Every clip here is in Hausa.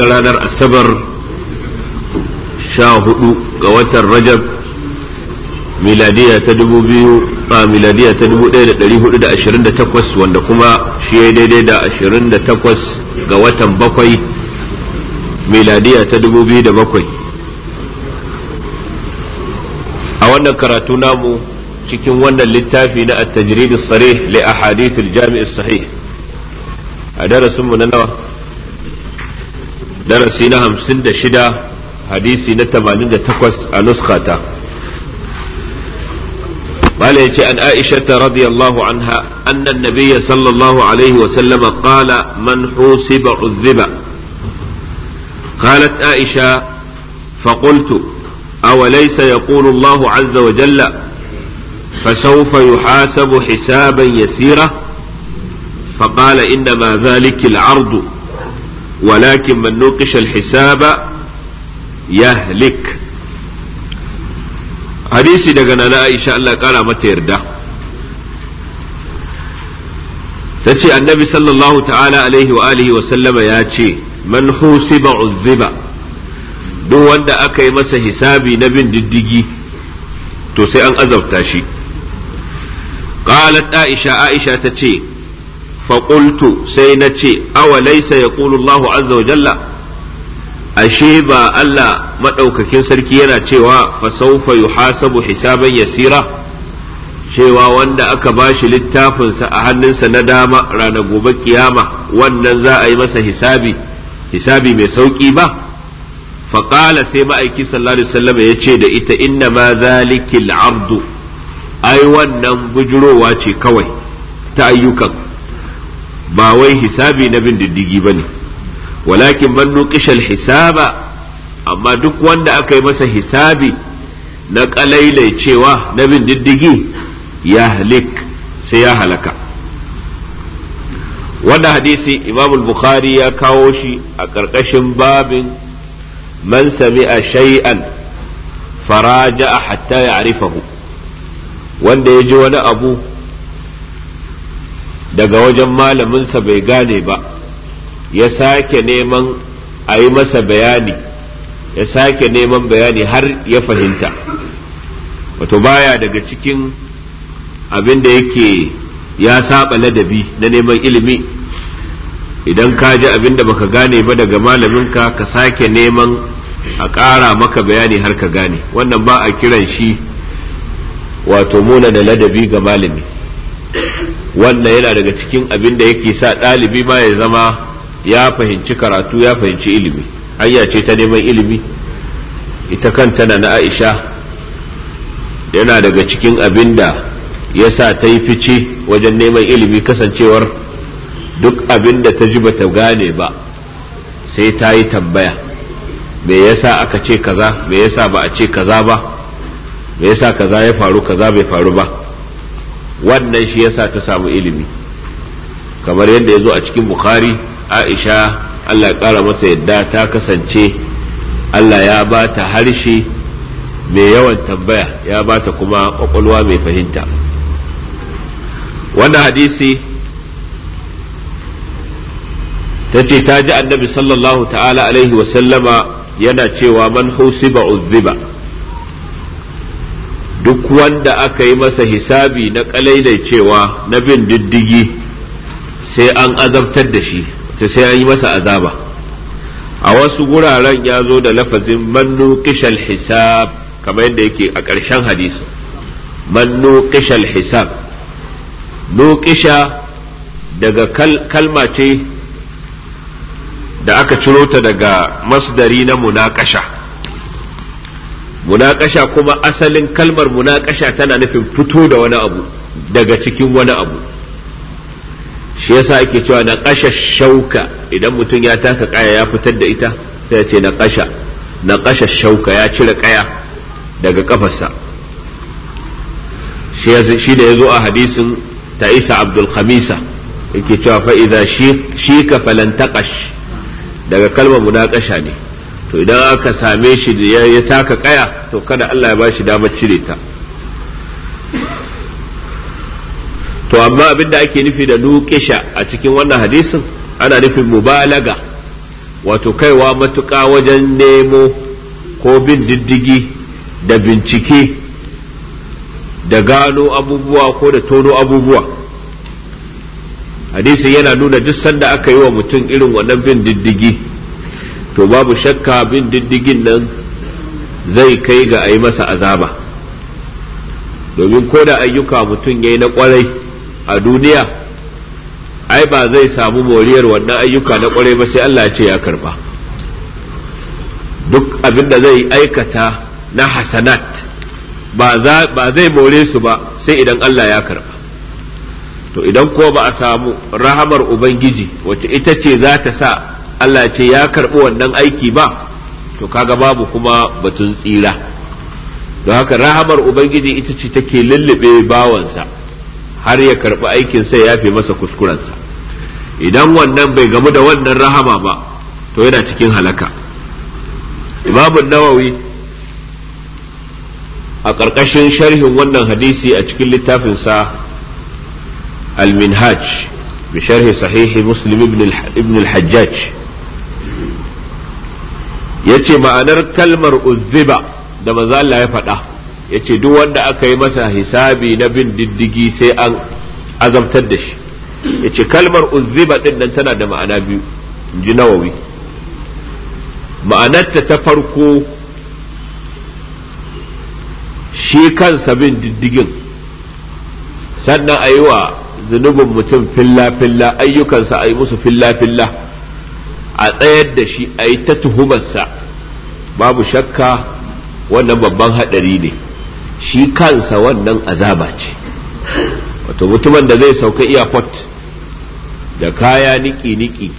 ta ranar asabar sha hudu ga watan rajab miladiya ta dubu biyu a miladiya ta dubu ɗaya da ɗari hudu da ashirin da takwas wanda kuma shi ya daidai da ashirin da takwas ga watan bakwai miladiya ta dubu biyu da bakwai a wannan karatu namu cikin wannan littafi na at-tajrid as-sarih li ahadith al sahih a darasinmu na nawa darasi na hamsin da shida hadisi na tamanin da takwas a nuskata mala yace an aishata radiyallahu anha annan nabiyya sallallahu alaihi wa sallama qala man husiba uzziba قالت عائشة فقلت أوليس يقول الله عز وجل فسوف يحاسب حسابا يسيرا فقال إنما ذلك العرض walakin man nuqisha al-hisaba yahlik hadisi daga nana Aisha Allah kara mata yarda tace annabi sallallahu alaihi wa alihi wa sallama ya ce man husiba uzziba duk wanda aka yi masa hisabi na bin diddigi to an azabta shi qalat aisha aisha ta ce. faƙultu sai na ce awa laisa ya Allahu azza wa jalla ashe ba Allah maɗaukakin sarki yana cewa fasaufa yuhasabu ya yasira cewa wanda aka bashi littafinsa a hannunsa na dama rana gobe kiyama wannan za a yi masa hisabi mai sauƙi ba faƙala sai ma'aiki sallallahu alaihi ya ce da ita inna ma zalikil ai wannan bujurowa ce kawai ta ayyukan ba wai hisabi na bin diddigi ba ne walakin man nuqishal hisaba amma duk wanda aka yi masa hisabi na kalailai cewa na bin diddigi ya halik sai ya halaka wanda hadisi imam bukhari ya kawo shi a ƙarƙashin babin man sami'a shay'an faraja hatta ya arifahu wanda ya ji wani abu daga wajen malaminsa bai gane ba ya sake neman a yi masa bayani ya sake neman bayani har ya fahimta wato baya daga cikin abin da yake ya saba ladabi na neman ilimi idan ka ji abin da baka gane ba daga malaminka ka sake neman a ƙara maka bayani har ka gane wannan ba a kiran shi wato muna da ladabi ga malami wannan yana daga cikin abin da yake sa ɗalibi ma ya zama ya fahimci karatu ya fahimci ilimi hanya ce ta neman ilimi ita kanta na aisha yana daga cikin abin da ya sa ta yi fice wajen neman ilimi kasancewar duk abin da ta ji bata gane ba sai ta yi tambaya me yasa aka ce kaza me yasa ba a ce kaza ba me yasa kaza ya faru kaza bai faru ba wannan shi yasa ta samu ilimi kamar yadda ya zo a cikin bukhari aisha allah ya ƙara masa yadda ta kasance allah ya ba ta harshe mai yawan tambaya ya ba ta kuma ƙwaƙwalwa mai fahimta wannan hadisi ta ce ta ji annabi sallallahu ta'ala alaihi wasallama yana cewa man husiba uzziba duk wanda aka yi masa hisabi na cewa na bin diddigi sai an azabtar da shi sai an yi masa azaba a wasu guraren ya zo da lafazin mannu kishal hisab kamar yadda yake a ƙarshen hadisi mannu kishal hisab nuƙisha daga kalma ce da aka ciro ta daga masdari na munakasha munakasha kuma asalin kalmar munakasha tana nufin fito da wani abu daga cikin wani abu shi yasa ake cewa na kasha shauka idan mutum ya taka kaya ya fitar da ita sai ce na kasha na kasha shauka ya cire ƙaya daga ƙafarsa. shi da ya a hadisin ta'isa abdul khamisa yake cewa fa'iza shi ka falan daga kalmar munakasha ne to idan aka same shi da ya taka kaya to kada Allah ya ba shi damar cire ta to amma da ake nufi da nukisha a cikin wannan hadisin ana nufin mubalaga wato kaiwa matuƙa wajen nemo ko bin diddigi da bincike da gano abubuwa ko da tono abubuwa hadisin yana nuna duk sanda aka yi wa mutum irin wannan bin diddigi to babu shakka bin diddigin nan zai kai ga a yi masa azaba domin ko da ayyuka mutum ya yi na kwarai a duniya ai ba zai samu moriyar wannan ayyuka na kwarai ba sai Allah ya ce ya karba duk abin da zai aikata na hasanat ba zai more su ba sai idan Allah ya karba to idan ko ba a samu rahamar ubangiji wacce ita ce za ta sa Allah ce ya karɓi wannan aiki ba to kaga babu kuma batun tsira don haka rahamar ubangiji ita ce take lullube bawansa har ya karɓi aikin sai ya fi masa kuskurensa idan wannan bai gamu da wannan rahama ba to yana cikin halaka imamun nawawi a ƙarƙashin sharhin wannan hadisi a cikin littafinsa al-minhaj bi sharhi sahihi muslim ibn al-hajjaj yace ma'anar kalmar uzziba da manzo Allah ya faɗa yace duk wanda aka yi masa hisabi na bin diddigi sai an azabtar da shi yace kalmar uzziba din nan tana da ma'ana biyu inji nawawi ma'anarta ta farko shi kansa bin diddigin sannan a yi wa zunubin mutum filla-filla ayyukansa a yi musu filla-filla a tsayar da shi a yi ta tuhumarsa babu shakka wannan babban haɗari ne shi kansa wannan azaba ce wato mutumin da zai sauka iyakot da kaya niki-niki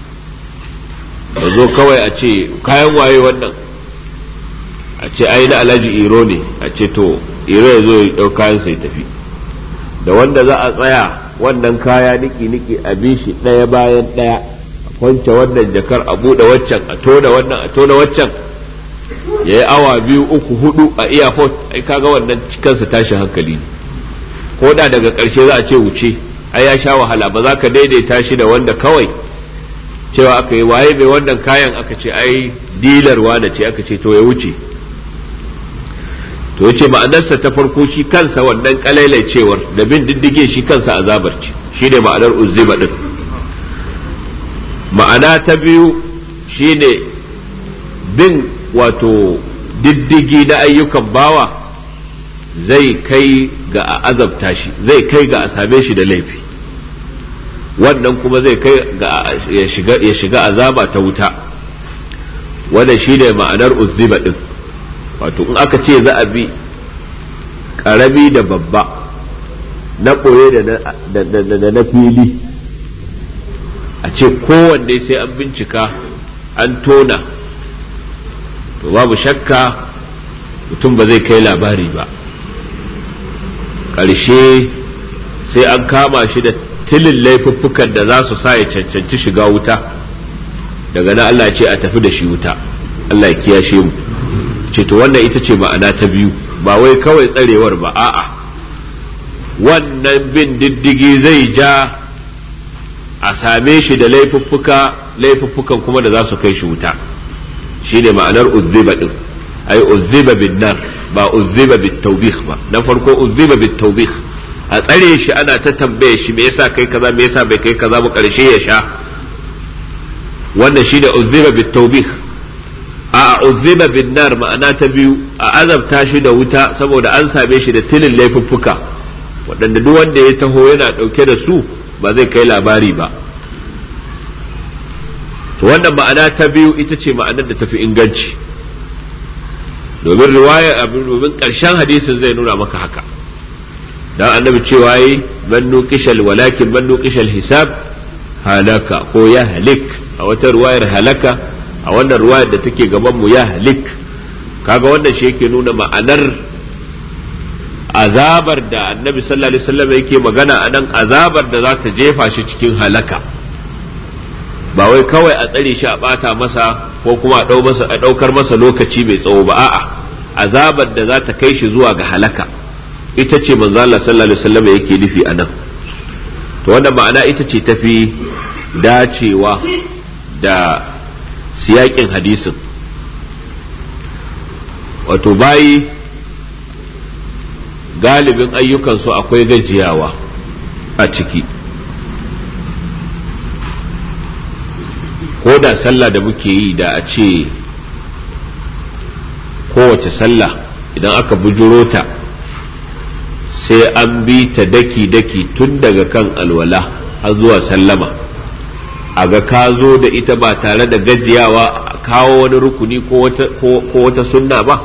da zo kawai a ce kayan waye wannan a ce ai na alhaji iro ne a ce to iro ya zo ya kayan sai tafi da wanda za a tsaya wannan kaya niki-niki a bi shi ɗaya bayan ɗaya wanke wannan jakar a buɗe waccan a tona wannan a tona waccan ya yi awa biyu uku hudu a iya fot ai kaga wannan kansa tashi hankali ko da daga karshe za a ce wuce ai ya sha wahala ba za ka daidaita shi da wanda kawai cewa aka yi waye mai wannan kayan aka ce ai dilar wane ce aka ce to ya wuce to yace ma'anarsa ta farko shi kansa wannan cewar da bin diddige shi kansa azabar ce ne ma'anar uzziba din ma'ana ta biyu shine bin wato diddigi na ayyukan bawa zai kai ga a azabta shi zai kai ga a same shi da laifi wannan kuma zai kai ga ya shiga azaba ta wuta wanda shine ma'anar uzziba din wato in aka ce za a bi ƙarami da babba na ɓoye da na fili a ce kowanne sai an bincika an tona to babu shakka mutum ba zai kai labari ba ƙarshe sai an kama shi da tilin laifuffukan da za su sa ya cancanci shiga wuta daga nan Allah ce a tafi da shi wuta Allah ya kiyashe mu ce to wannan ita ce ma'ana ta biyu ba wai kawai tsarewar ba a'a wannan bin diddigi zai ja a same shi da laifuffuka laifuffukan kuma da za su kai shi wuta shi ne ma'anar uzziba din ai uzziba bin nar ba uzziba bit ba na farko uzziba bit a tsare shi ana ta tambaye shi me yasa kai kaza me yasa bai kai kaza ba karshe ya sha wannan shi ne uzziba bit tawbih a uzziba bin nar ma'ana ta biyu a azabta shi da wuta saboda an same shi da tilin laifuffuka waɗanda duk wanda ya taho yana ɗauke da su ba zai kai labari ba to wannan ma'ana ta biyu ita ce ma'anar da tafi inganci domin riwaya abin domin ƙarshen hadisin zai nuna maka haka dan annabi cewa yi man nuqishal walakin man nuqishal hisab halaka ko ya halik a wata riwayar halaka a wannan riwayar da take gaban mu ya halik kaga wannan shi yake nuna ma'anar azabar da annabi sallallahu alaihi wasallam yake magana a nan azabar da za ta jefa shi cikin halaka ba wai kawai a tsare shi a bata masa ko kuma a masa daukar masa lokaci mai tsawo ba a'a azabar da za ta kai shi zuwa ga halaka ita ce manzo Allah sallallahu alaihi wasallam yake nufi a nan to wannan ma'ana ita ce tafi dacewa da siyakin hadisin wato bayi galibin ayyukansu akwai gajiyawa a ciki ko da sallah da muke yi da a ce kowace sallah idan aka bujuro ta sai an bi ta daki-daki tun daga kan alwala har zuwa sallama a ga ka zo da ita ba tare da gajiyawa kawo wani rukuni ko wata sunna ba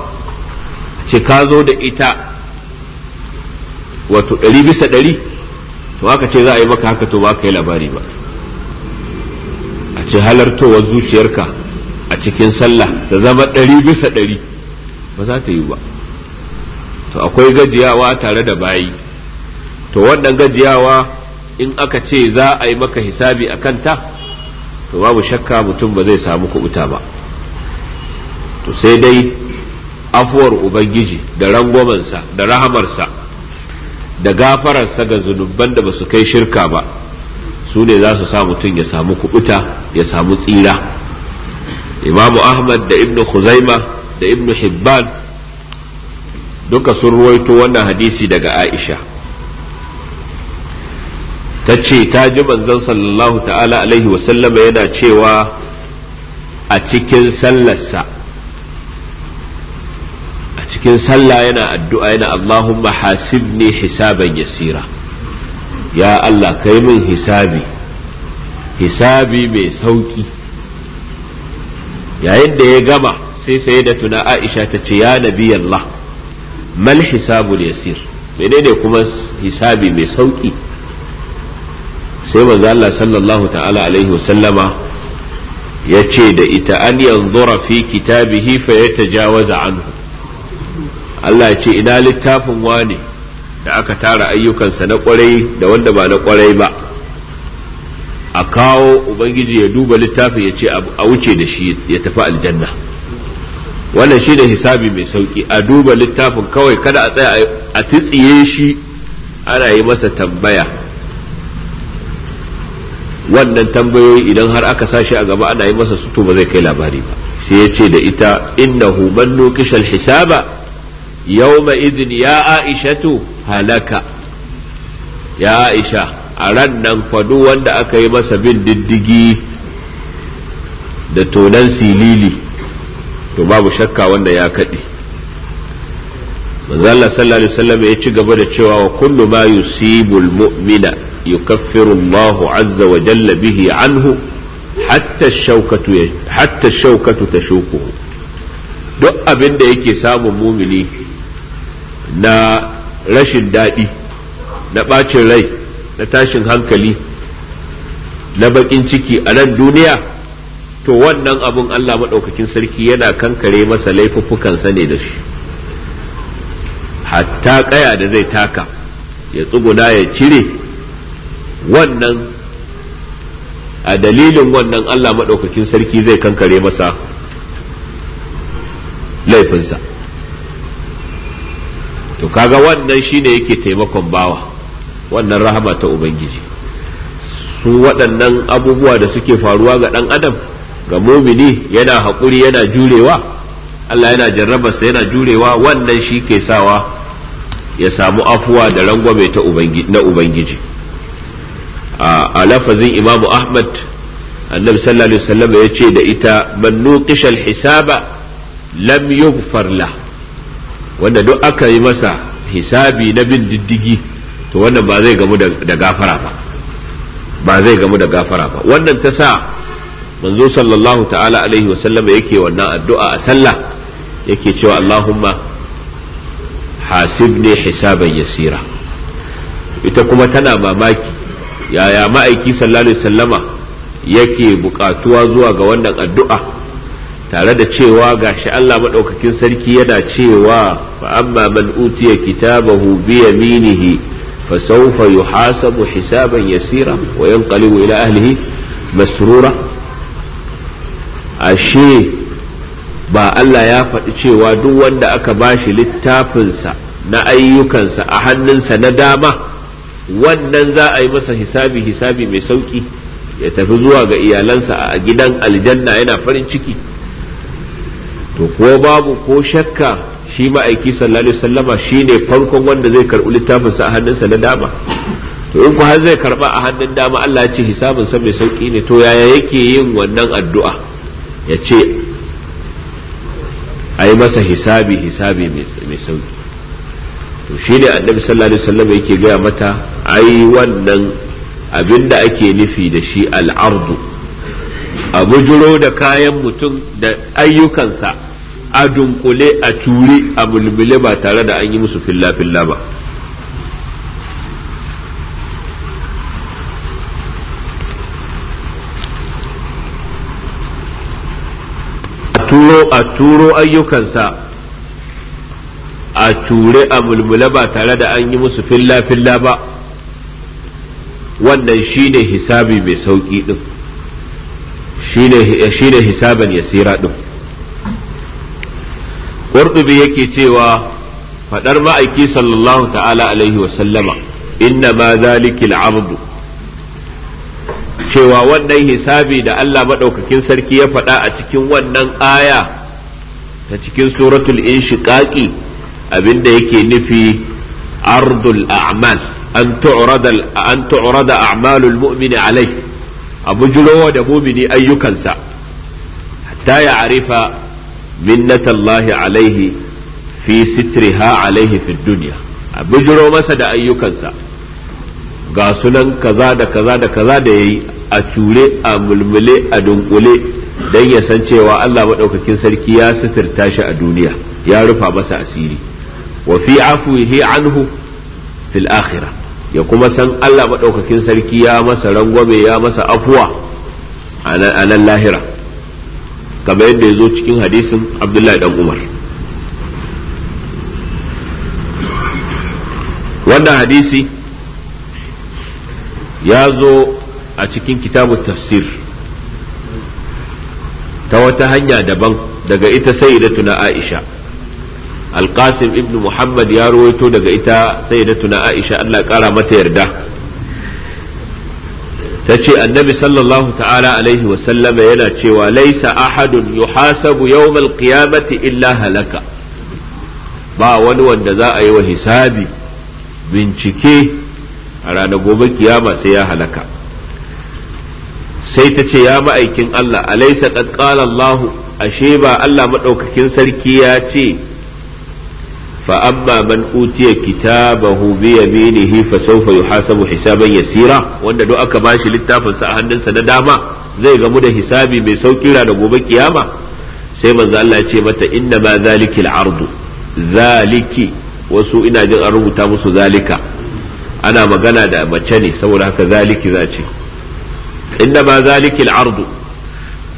ce ka zo da ita wato ɗari bisa ɗari to aka ce za a yi maka haka to ba ka yi labari ba a ce halartowar zuciyarka a cikin sallah da zama ɗari bisa ɗari ba za ta yi ba to akwai gajiyawa tare da bayi to wannan gajiyawa in aka ce za a yi maka hisabi a kanta to babu shakka mutum ba zai samu kubuta ba to sai dai afuwar ubangiji da rangwamansa da rahamarsa da gafararsa ga zunuban da ba su kai shirka ba su ne za su sa mutum ya samu kubuta ya samu tsira imamu ahmad da ibnu khuzaima da ibnu hibban duka sun ruwaito wannan hadisi daga aisha ta ce ta ji manzon sallallahu ta'ala alaihi wasallama yana cewa a cikin sallarsa cikin sallah yana addu'a yana Allahumma hasibni hisaban yasira ya Allah kai min hisabi hisabi mai sauki yayin da ya gama sai sai da tuna Aisha ta ce ya nabi Allah mal hisabul yasir menene kuma hisabi mai sauki sai manzo Allah sallallahu ta'ala alaihi wasallama ya ce da ita an yanzura fi kitabihi fa yatajawaza anhu Allah ya ce ina littafin wani da aka tara ayyukansa na kwarai da wanda ba na kwarai ba a kawo ubangiji ya duba littafin ya ce a wuce da shi ya tafi aljanna wannan shi da hisabi mai sauki a duba littafin kawai kada a tsaya a titsiye shi ana yi masa tambaya wannan tambayoyi idan har aka sashi a gaba ana yi masa su to ba zai kai labari ba sai ya ce da ita innahu man nukishal hisaba yawma idin ya aishatu halaka ya aisha a ran nan fadu wanda aka yi masa bin diddigi da silili to babu shakka wanda ya kaɗe manzala sallallahu alaihi wasallam ya ci gaba da cewa wa kullu ma yusibul mu'mina yukaffiru Allahu azza wa jalla bihi anhu hatta shaukatu hatta shaukatu tashukuhu duk abin da yake samun mumini na rashin daɗi na ɓacin rai na tashin hankali na baƙin ciki a nan duniya to wannan abun Allah maɗaukakin sarki yana kankare masa laifuffukansa ne da shi hatta ƙaya da zai taka ya tsuguna ya cire wannan a dalilin wannan Allah maɗaukakin sarki zai kankare masa laifinsa. to kaga wannan shine yake taimakon bawa wannan rahama ta ubangiji su waɗannan abubuwa da suke faruwa ga ɗan adam ga mumini yana haƙuri yana jurewa Allah yana jarrabarsa yana jurewa wannan shi ke sawa ya samu afuwa da rangwame na ubangiji a lafazin imamu ahmad annabi sallallahu alaihi wasallam ya ce da ita man nuqisha hisaba lam yughfar lahu wanda duk aka yi masa hisabi na bin diddigi to wannan ba zai gamu da gafara ba ba zai gamu da gafara ba wannan ta sa manzo sallallahu ta'ala alaihi wasallama yake wannan addu'a a sallah yake cewa Allahumma hasibni hisaban yasira ita kuma tana mamaki yaya ma'aiki sallallahu alaihi wasallama yake bukatuwa zuwa ga wannan addu'a tare da cewa gashi Allah maɗaukakin sarki yana cewa fa amma man utiya kitabahu bi yaminihi fa sawfa yuhasabu hisaban yasira wa yanqalibu ila ahlihi masrura ashe ba Allah ya faɗi cewa duk wanda aka bashi littafinsa na ayyukansa a hannunsa na dama wannan za a yi masa hisabi hisabi mai sauki ya tafi zuwa ga iyalansa a gidan aljanna yana farin ciki to ko babu ko shakka shi ma'aiki sallallahu alaihi wasallama shine farkon wanda zai karɓi littafin sa a hannunsa na dama to in ku har zai karba a hannun dama Allah ya ce hisabin sa mai sauki ne to yaya yake yin wannan addu'a ya ce ai masa hisabi hisabi mai sauki to shine annabi sallallahu alaihi wasallama yake gaya mata ai wannan abin abinda ake nufi da shi al'ardu a bujiro da kayan mutum da ayyukansa a dunkule a ture a bulbule ba tare da an yi musu filla-filla ba turo a turo ayyukansa a ture a mulmula ba tare da an yi musu filla-filla ba wannan shi ne hisabi mai sauƙi ɗin ne hisabin yasira ɗin qurtubi yake cewa fadar ma'aiki sallallahu ta'ala alaihi wa sallama inna ma zalikil abdu cewa wannan hisabi da Allah maɗaukakin sarki ya faɗa a cikin wannan aya ta cikin suratul inshiqaqi abinda yake nufi ardul a'mal an tu'rada an tu'rada a'malul mu'mini alai abu bujulowa da mumini ayyukansa hatta ya arifa minnatallahi alaihi fi sitriha alaihi fi duniya a bijiro masa da ayyukansa ga sunan kaza da kaza da kaza da yayi a ture a mulmule a dunkule dan ya san cewa Allah maɗaukakin sarki ya sitirta shi a duniya ya rufa masa asiri wa fi afuhi anhu fil akhira ya kuma san Allah maɗaukakin sarki ya masa rangwame ya masa afuwa a nan lahira kamar yadda ya zo cikin hadisin abdullahi dan umar wannan hadisi ya zo a cikin kitabun tafsir ta wata hanya daban daga ita sayyidatuna aisha alƙasim ibn muhammad ya rawaito daga ita sai tuna aisha Allah kara mata yarda ta ce annabi sallallahu ta'ala alaihi wasallama yana cewa laisa ahadun yuhasabu yawmal qiyamati illa halaka ba wani wanda za a yi wa hisabi bincike a ranar gobe kiyama sai ya halaka sai ta ce ya ma'aikin Allah alaisa qad qala Allah ashe ba Allah maɗaukakin sarki ya ce فأما من أوتي كتابه بيمينه فسوف يحاسب حسابا يسيرا وأن دو أكا ماشي للتافن سأهنن سنداما زي غمونا حسابي من سوكي لا نقوم كياما سيما الله يتشي متى إنما ذلك العرض ذلك وسوء إنا جن أرمو تامس ذلك أنا مغانا دا مچاني سولا هكا ذلك ذاتي إنما ذلك العرض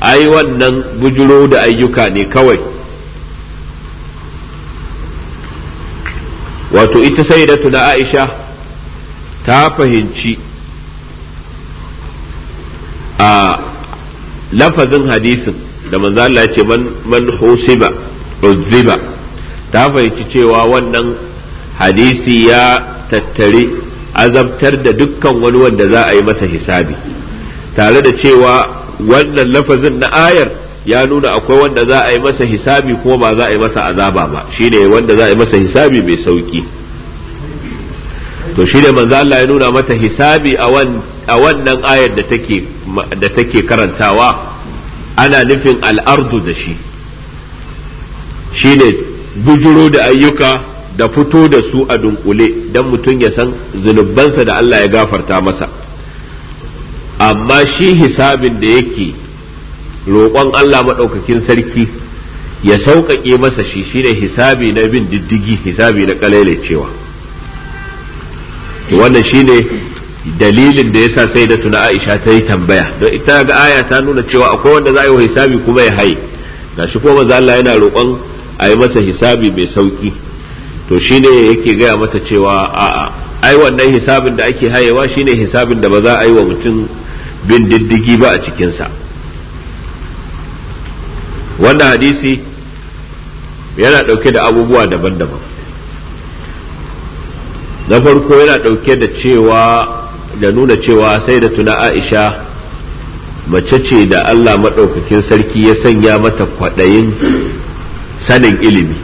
أي wannan bujuro da ayyuka ne kawai wato ita sai da tuna aisha ta fahimci a lafazin hadisin da manzo Allah ya ce man husiba uziba ta fahimci cewa wannan hadisi ya tattare azabtar da dukkan wani wanda za a yi masa hisabi tare da cewa wannan lafazin na ayar ya nuna akwai wanda za a yi masa hisabi kuma ba za a yi masa azaba ba shine wanda za a yi masa hisabi mai sauki to shine manzo Allah ya nuna mata hisabi a wannan ayar da take da take karantawa ana nufin al'ardu da shi shine bujuro da ayyuka da fito da su a dunkule don mutum ya san zunubansa da Allah ya gafarta masa amma shi hisabin da yake roƙon Allah maɗaukakin sarki ya sauƙaƙe masa shi shine hisabi na bin diddigi hisabi na cewa wannan shi ne dalilin da ya sa sai da tuna Aisha ta yi tambaya don ita ga aya ta nuna cewa akwai wanda za a yi wa hisabi kuma ya haye shi kuma manzo Allah yana roƙon a yi masa hisabi mai sauƙi. to shi ne yake gaya mata cewa a'a ai wannan hisabin da ake hayewa shine hisabin da ba za a yi wa mutum bin diddigi ba a cikinsa wannan hadisi yana ɗauke da abubuwa daban-daban na farko yana ɗauke da cewa da nuna cewa sai da tuna aisha mace ce da allah maɗaukakin sarki ya sanya mata kwaɗayin sanin ilimi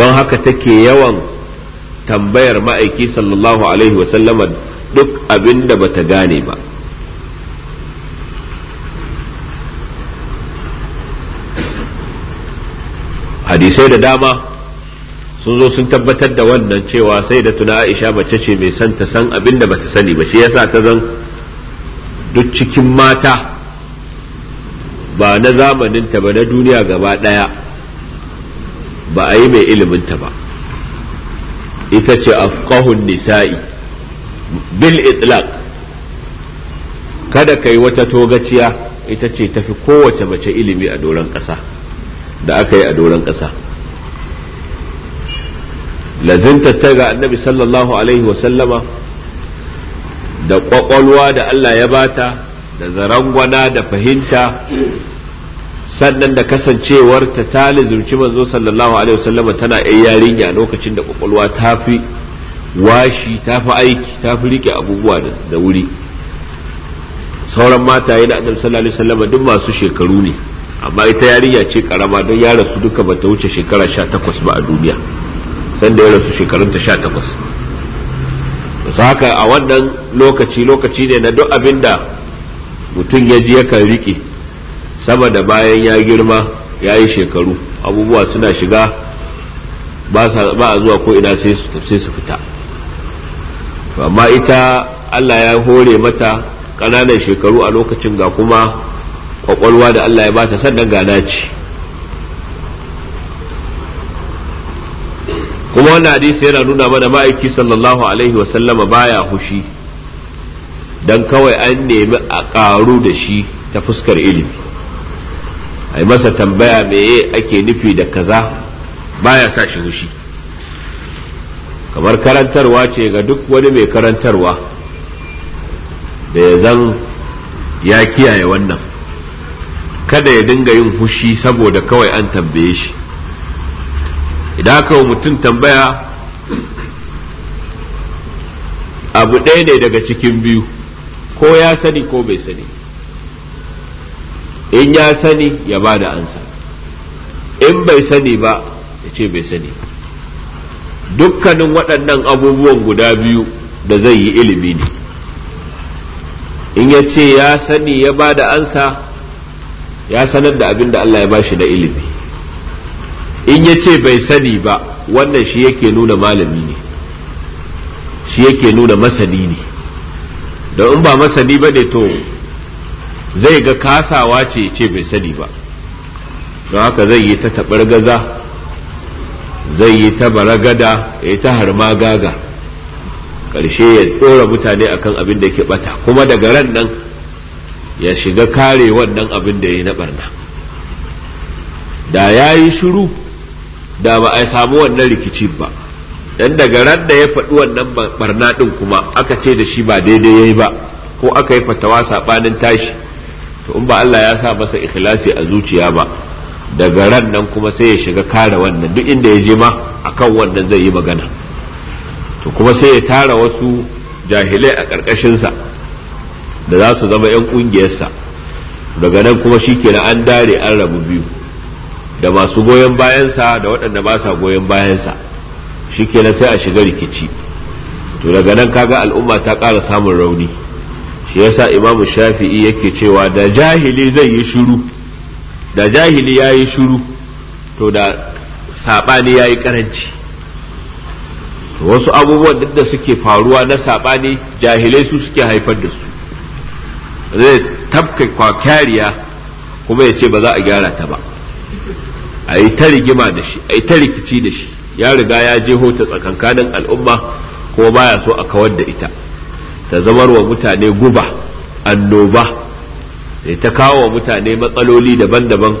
don haka take yawan tambayar ma'aiki sallallahu alaihi wasallama duk abinda da bata gane ba hadisai da dama sun zo sun tabbatar da wannan cewa sai da tuna aisha mace ce mai san ta san abin da bata sani ba shi yasa ta zan duk cikin mata ba na ta ba na duniya gaba ɗaya ba a yi mai iliminta ba ita ce afqahun nisa'i bil itlaq kada kai wata togaciya ita ce tafi kowace mace ilimi a doron ƙasa da aka yi a doron ƙasa ta ga annabi sallallahu alaihi wasallama da ƙwaƙwalwa da Allah ya bata da zarangwana da fahimta sannan da kasancewar ta ta zurci manzo sallallahu alaihi wasallama tana yan yarinya lokacin da ƙwaƙwalwa ta fi washi ta fi aiki ta fi rike abubuwa da wuri sauran mata yi da annabi sallallahu alaihi wasallama duk masu shekaru ne amma ita yarinya ce karama don ya rasu duka bata wuce shekara sha takwas ba a duniya sanda ya rasu shekarunta sha takwas haka a wannan lokaci lokaci ne na duk abin da mutum ya ji yakan riƙe sama da bayan ya girma ya yi shekaru abubuwa suna shiga ba a zuwa ko ina sai su fita amma ita allah ya hore mata ƙananan shekaru a lokacin ga kuma kwakwalwa da Allah ya ba ta sannan ga dace kuma wannan hadisi yana nuna mana ma'aiki sallallahu alaihi wasallama baya hushi don kawai an nemi a ƙaru da shi ta fuskar ilimi a yi masa tambaya meye ake nufi da kaza baya sa shi hushi kamar karantarwa ce ga duk wani mai karantarwa da ya zan ya kiyaye wannan kada ya dinga yin fushi saboda kawai an tambaye shi idan aka mutum tambaya abu ɗaya ne daga cikin biyu ko ya sani ko bai sani in ya sani ya ba da ansa in bai sani ba ya ce bai sani dukkanin waɗannan abubuwan guda biyu da zai yi ilimi ne in ya ce ya sani ya ba da ansa ya sanar da abin da Allah ya bashi na ilimi in ya ce bai sani ba wannan shi yake nuna malami ne shi yake nuna masani ne da in ba masani ba ne to zai ga kasawa ce ce bai sani ba don haka zai yi ta taɓar gaza zai yi ta baragada ya yi ta harma gaga ƙarshe ya ɗora mutane akan abin da ke ɓata kuma daga ran nan ya shiga kare wannan abin da ya yi na barna da ya yi shiru da ba a samu wannan rikici ba dan daga ran da ya faɗi wannan barna ɗin kuma aka ce da shi ba daidai ya yi ba ko aka yi fatawa saɓanin tashi to in ba Allah ya sa masa ikhlasi a zuciya ba daga ran nan kuma sai ya shiga kare wannan duk inda ya je ma akan wannan zai yi magana to kuma sai ya tara wasu jahilai a ƙarƙashinsa da za su zama 'yan ƙungiyarsa daga nan kuma shi kenan an dare an rabu biyu da masu goyon bayansa da waɗanda ba sa goyon bayansa shi kenan sai a shiga rikici to daga nan kaga al'umma ta ƙara samun rauni shi yasa imamu shafi'i yake cewa da jahili zai yi shiru da jahili ya yi shiru to da saɓani ya yi ƙaranci wasu abubuwan duk da suke faruwa na saɓani jahilai su suke haifar da su zai tafka kwakariya kuma ya ce ba za a gyara ta ba a yi ta rigima da shi a yi ta rikici da shi ya riga ya je hota tsakankanin al'umma kuma baya so a kawar da ita ta zamar wa mutane guba annoba da ta kawo wa mutane matsaloli daban-daban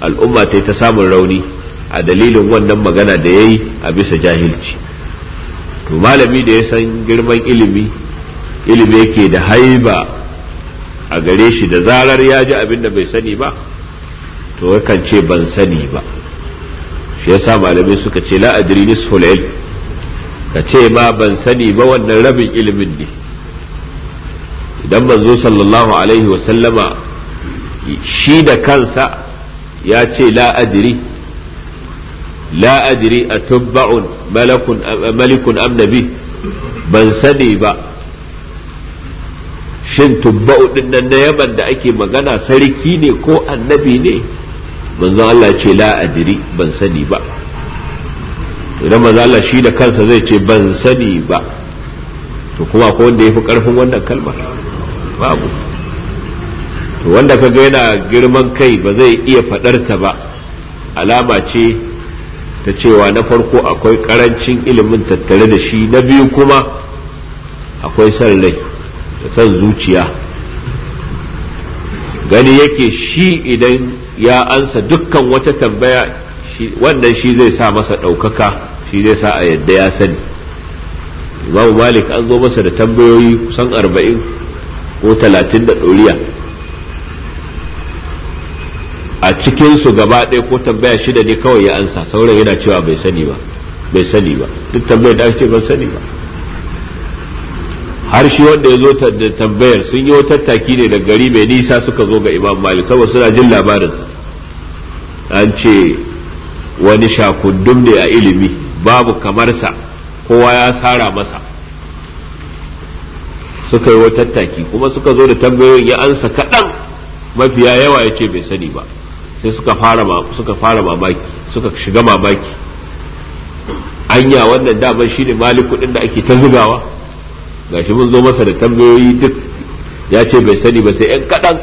al'umma ta yi ta samun rauni a dalilin wannan magana da ya yi a bisa jahilci to malami da ya san girman ilimi ilimi yake da haiba a gare shi da zarar ya ji abin da bai sani ba to yakan ce ban sani ba shi yasa malamai suka ce la adri nisful ka ce ma ban sani ba wannan rabin ilimin ne idan manzo sallallahu alaihi wa sallama shi da kansa ya ce la adri la adri atubba'un malakun malikun am nabi ban sani ba shin tubba'u din nan na yaman da ake magana sarki ne ko annabi ne manzon Allah ce la adiri ban sani ba idan manzo Allah shi da kansa zai ce ban sani ba to kuma ko wanda yafi karfin wannan kalma babu to wanda kaga yana girman kai ba zai iya fadar ta ba alama ce ta cewa na farko akwai karancin ilimin tattare da shi na biyu kuma akwai san rai da san zuciya gani yake shi idan ya ansa dukkan wata tambaya wannan shi zai sa masa ɗaukaka shi zai sa a yadda ya sani imamu malik an zo masa da tambayoyi kusan arba'in ko talatin da ɗoriya a cikinsu gaba ɗaya ko tambaya shida ne kawai ya ansa sauran yana cewa bai sani ba bai sani ba duk tambayar da ake ban sani ba har shi wanda ya zo da tambayar sun yi wata tattaki ne da gari mai nisa suka zo ga imam malik saboda suna jin labarin an ce wani shakundum ne a ilimi babu kamar sa kowa ya sara masa suka yi wata tattaki kuma suka zo da tambayoyin ya ansa kaɗan mafiya yawa ya ce bai sani ba sai suka fara mamaki suka shiga mamaki anya wannan damar shi ne malik da ake ta zugawa gashi mun zo masa da tambayoyi duk ya ce bai sani ba sai yan kaɗan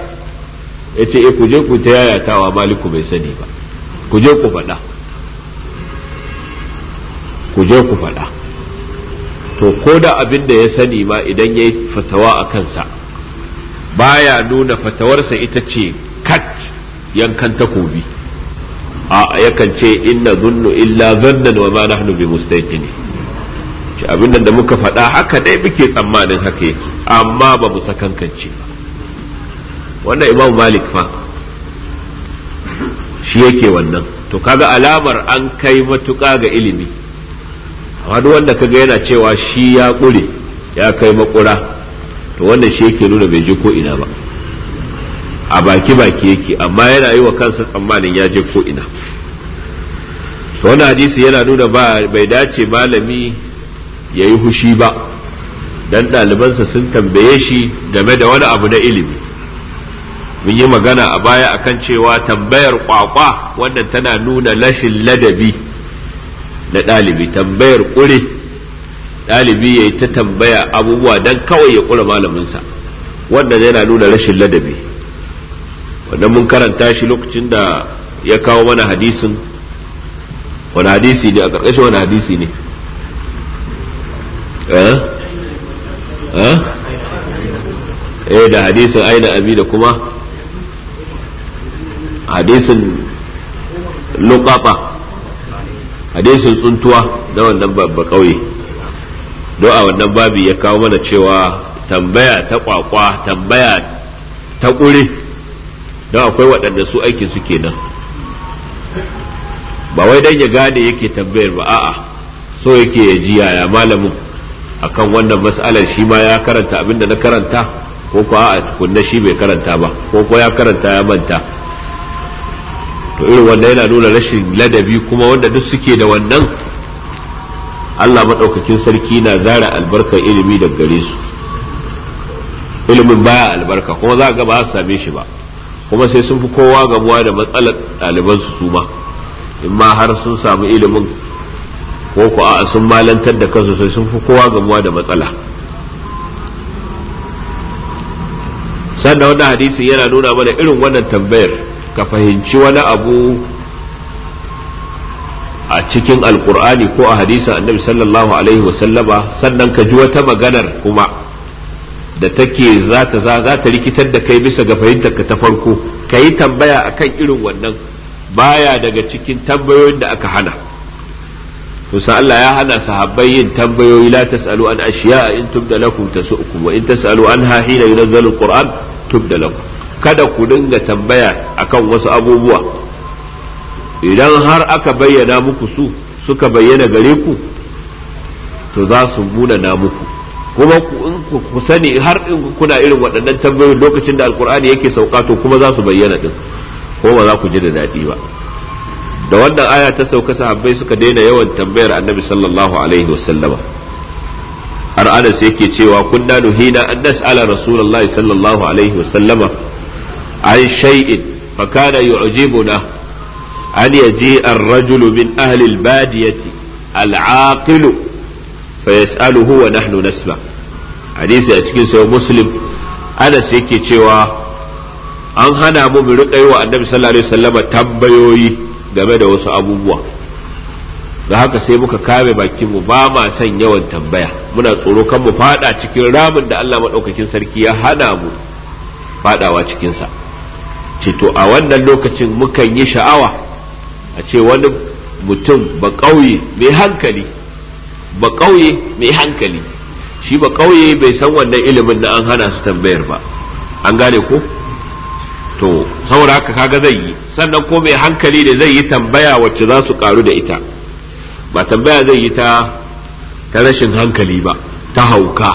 ya ce eh, ku je ku ta yayatawa maliku bai sani ba ku je ku faɗa ku je ku faɗa to ko da abin da ya sani ma idan ya yi fatawa a kansa baya nuna fatawarsa ita ce kat yankan takobi a yakan ce inna zunnu illa zannan wa ma nahnu bi mustaqini Abin abinda da muka faɗa haka dai muke tsammanin haka yake amma ba mu sakankance ba wannan imam malik fa shi yake wannan to kaga alamar an kai matuƙa ga ilimi wani wanda kaga yana cewa shi ya ƙure ya kai makura to wannan shi yake nuna bai je ko ina ba a baki baki yake amma yana yi wa kansa tsammanin ya je ko ina to wannan hadisi yana nuna bai dace malami ya yi hushi ba dan ɗalibansa sun tambaye shi game da wani abu na ilimi mun yi magana a baya akan cewa tambayar kwakwa wannan tana nuna lashin ladabi na ɗalibi tambayar ƙure ɗalibi ya yi ta tambaya abubuwa don kawai ya ƙura malaminsa wannan yana nuna rashin ladabi wannan mun karanta shi lokacin da ya kawo mana hadisin wani hadisi ne a ƙarƙashin wani hadisi ne Eh? Eh? eh da hadisin aina abi da kuma hadisin lukafa hadisin tsuntuwa na wannan babba ƙauye don a wannan babi ya kawo mana cewa tambaya ta kwakwa tambaya ta ƙure don akwai waɗanda su aikin suke nan. ba wai don ya gane yake tambayar ba a'a so yake ya ji yaya malamin akan wannan mas'alar shi ma ya karanta abin da na karanta ko ko a tukunna shi bai karanta ba ko ko ya karanta ya manta to irin wanda yana nuna rashin ladabi kuma wanda duk suke da wannan Allah maɗaukakin sarki na zara albarkar ilimi da gare su ilimin baya albarka kuma za ga ba su same shi ba kuma sai sun fi kowa gamuwa da matsalar ɗaliban su suma in ma har sun samu ilimin ko ku a sun malantar da kansu sai sun fi kowa gamuwa da matsala sannan wannan hadisi yana nuna mana irin wannan tambayar ka fahimci wani abu a cikin alkur'ani ko a hadisin annabi sallallahu alaihi wasallama sannan ka ji wata maganar kuma da take za ta za ta rikitar da kai bisa ga fahimtar ka ta farko ka yi tambaya akan irin wannan baya daga cikin tambayoyin da aka hana to Allah ya hana sahabbai yin tambayoyi la tasalu an ashiya in tubda lakum tasu'ukum wa in tasalu anha hina yunazzalu alquran tubda lakum kada ku dinga tambaya akan wasu abubuwa idan har aka bayyana muku su suka bayyana gare ku to za su munana muku kuma in ku sani har in kuna irin waɗannan tambayoyin lokacin da alkur'ani yake sauka to kuma za su bayyana din ko ba za ku ji da daɗi ba da wannan aya ta sauka sahabbai suka daina yawan tambayar annabi sallallahu alaihi wasallama har anas yake cewa kunna nuhina an nas'ala rasulullahi sallallahu alaihi wasallama an shay'in fa kana yu'jibuna an yaji ar-rajulu min ahli al-badiyati al-aqilu fa yas'aluhu wa nahnu nasma hadisi a cikin sahih muslim anas yake cewa an hana mu mu riƙa yi wa annabi sallallahu alaihi wasallama tambayoyi game da wasu abubuwa da haka sai muka kame bakinmu ba ma son yawan tambaya muna tsoro kan mu fada cikin ramin da Allah maɗaukakin sarki ya hana mu fadawa cikinsa to a wannan lokacin mukan yi sha'awa a ce wani mutum ba ƙauye mai hankali ba ƙauye mai hankali shi ba ƙauye bai san wannan ilimin da an hana su tambayar ba an gane ko to saboda haka kaga zai yi sannan ko mai hankali da zai yi tambaya wacce za su karu da ita ba tambaya zai yi ta ta rashin hankali ba ta hauka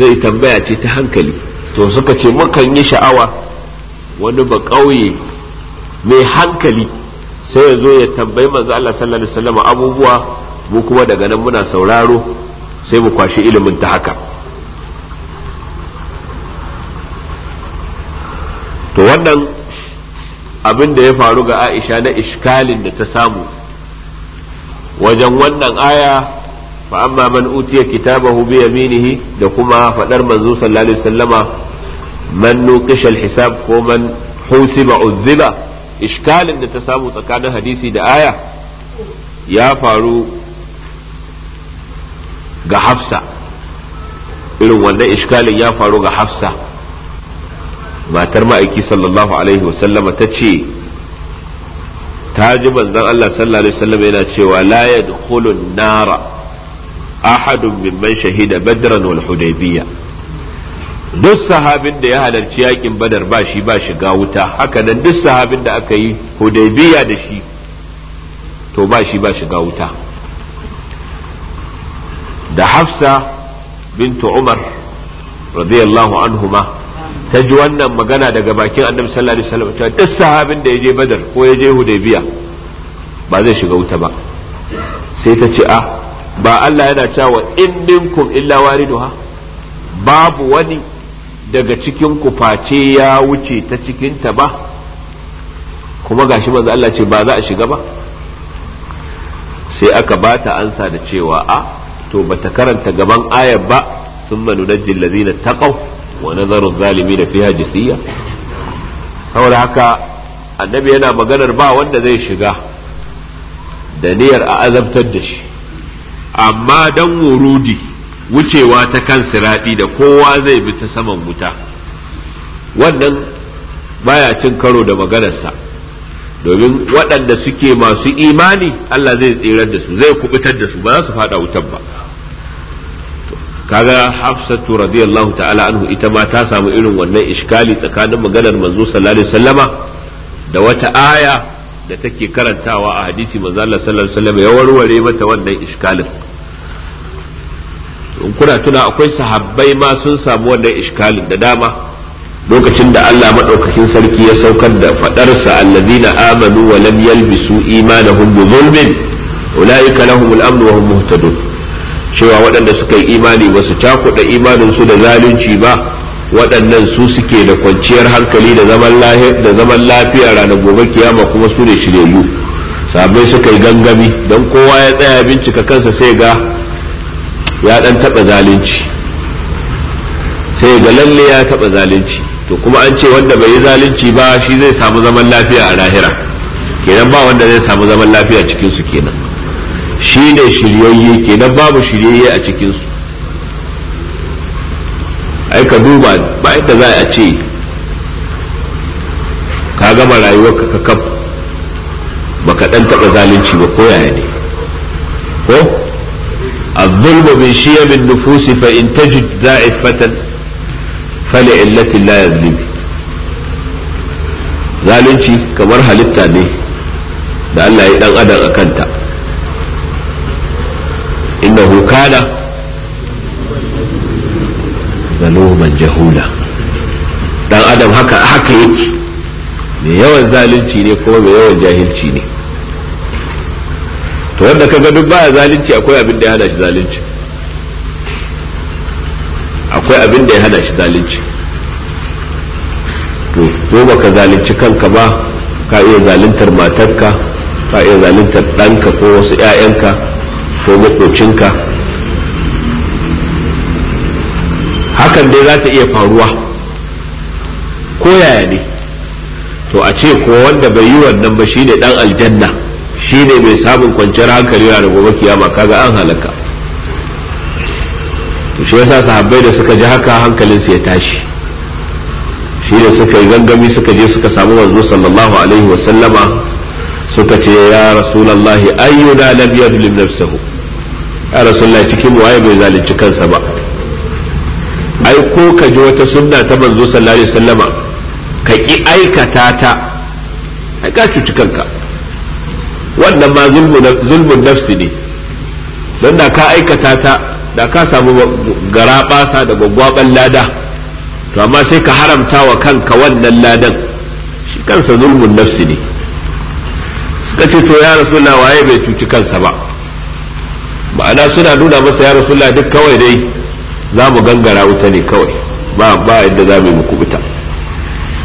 zai tambaya ce ta hankali to suka ce mukan yi sha'awa wani ba ƙauye mai hankali sai ya zo ya tambayi manzo Allah sallallahu alaihi abubuwa mu kuma daga nan muna sauraro sai mu kwashi ilimin ta haka to wannan abin da ya faru ga aisha na iskalin da ta samu wajen wannan aya fa amma man utiya kitabahu bi yaminihi da kuma fadar manzo sallallahu alaihi wasallama man nuqisha al-hisab ko man husiba uzziba iskalin da ta samu tsakanin hadisi da aya ya faru ga hafsa irin wannan iskalin ya faru ga hafsa matar ma'aiki sallallahu alaihi wasallama ta ce ta ji manzon Allah sallallahu alaihi wasallama yana cewa la yadkhulun nara ahadun mimman shahida badran wal hudaybiyah duk sahabin da ya halarci yakin badar ba shi ba shiga wuta haka nan duk sahabin da aka yi hudaybiya da shi to ba shi ba shiga wuta da hafsa bintu umar radiyallahu anhuma ta ji wannan magana daga bakin annabi sallallahu alaihi wasallam ta duk sahabin da yaje je badar ko ya je hudaybiya ba zai shiga wuta ba sai ta ce a ah, ba Allah yana cewa in minkum illa wariduha babu wani daga cikin ku face ya wuce ta cikin ta ba kuma gashi manzo Allah ce ba za a shiga ba sai aka bata ansa da cewa a ah, to bata karanta gaban ayar ba sun najjil ta taqaw wa nazaru zalimi da fiha jisiya saboda haka annabi yana maganar ba wanda zai shiga da niyyar a azabtar da shi amma dan wurudi wucewa ta kan siraɗi da kowa zai bi ta saman wuta wannan baya cin karo da maganarsa domin waɗanda suke masu imani Allah zai tsirar da su zai kubutar da su ba za su faɗa wutar ba kaga hafsatu radiyallahu ta'ala anhu ita ma ta samu irin wannan iskali tsakanin maganar manzo sallallahu alaihi wasallama da wata aya da take karantawa a hadisi manzo sallallahu alaihi wasallama ya warware mata wannan iskalin in kuna tuna akwai sahabbai ma sun samu wannan iskalin da dama lokacin da Allah madaukakin sarki ya saukar da faɗarsa allazina amanu wa lam yalbisu imanahum bi zulmin ulaika lahumul amn wa hum muhtadun cewa waɗanda suka yi imani ba su cakuɗa su da zalunci ba waɗannan su suke da kwanciyar hankali da zaman lafiya ranar gobe kiyama kuma su ne shiryayyu sabai suka yi gangami don kowa ya tsaya bincika kansa sai ga ya ɗan taɓa zalunci sai ga lalle ya taɓa zalunci to kuma an ce wanda bai yi zalunci ba shi zai samu zaman lafiya a lahira kenan ba wanda zai samu zaman lafiya cikinsu kenan shi ne shiryayye kenan babu shiryayye a cikinsu ai ka ba yadda za a ce ka gama rayuwarka ka kaf baka dan taba zalunci ba ko yaya ne ko الظلم من شيم النفوس فإن تجد ذائفة فلعلة لا يظلم zalunci kamar halitta ne da Allah ya dan adam a kanta annahu kana zaluman jahula dan adam haka haka yake mai yawan zalunci ne kuma mai yawan jahilci ne to wanda ga duk baya zalunci akwai abin da ya hana shi zalunci akwai abin da ya hada shi zalunci to ko baka zalunci kanka ba ka iya zaluntar matarka ka iya zaluntar ɗanka ko wasu 'ya'yanka ko makocinka hakan dai za ta iya faruwa ko yaya ne to a ce ko wanda bai yi wannan ba shine dan aljanna shine mai samun kwanciyar hankali yana da gobe kiyama kaga an halaka to shi yasa sahabbai da suka ji haka hankalin su ya tashi shi da suka yi gangami suka je suka samu manzo sallallahu alaihi wa sallama suka ce ya rasulullahi ayyuna lam yadlim nafsahu ya rasulullahi cikin waye bai zalunci kansa ba ai ko ka ji wata sunna ta manzo sallallahu alaihi wasallama ka ki aikata ta ai ka cuci kanka wannan ma zulmun nafsi ne don da ka aikata ta da ka samu gara basa da gwaggwaban lada to amma sai ka haramta wa kanka wannan ladan shi kansa zulmun nafsi ne suka ce to ya rasu waye bai cuci kansa ba ma'ana suna nuna masa ya rasulullah duk kawai dai za mu gangara wuta ne kawai ba ba yadda za mu yi muku wuta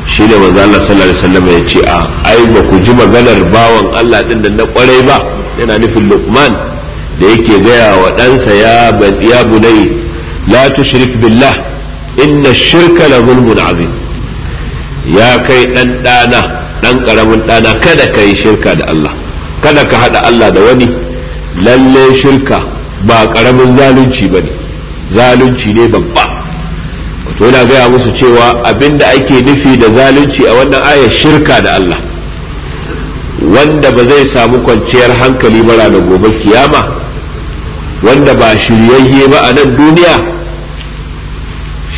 shi ne manzo Allah sallallahu alaihi wasallam ya ce a ah, ai ba ku ji maganar bawan Allah din da na kwarai ba yana nufin Luqman da yake gaya wa ɗansa ya ya bunai la tushrik billah inna shirka la zulmun azim ya kai dan dana dan karamin dana kada ka yi shirka da Allah kada ka hada Allah da wani lalle shirka ba karamin zalunci bane zalunci ne babba wato yana gaya musu cewa abinda ake nufi da zalunci a wannan ayar shirka da Allah wanda ba zai samu kwanciyar hankali mara da gobe kiyama wanda ba shiryayye ba a nan duniya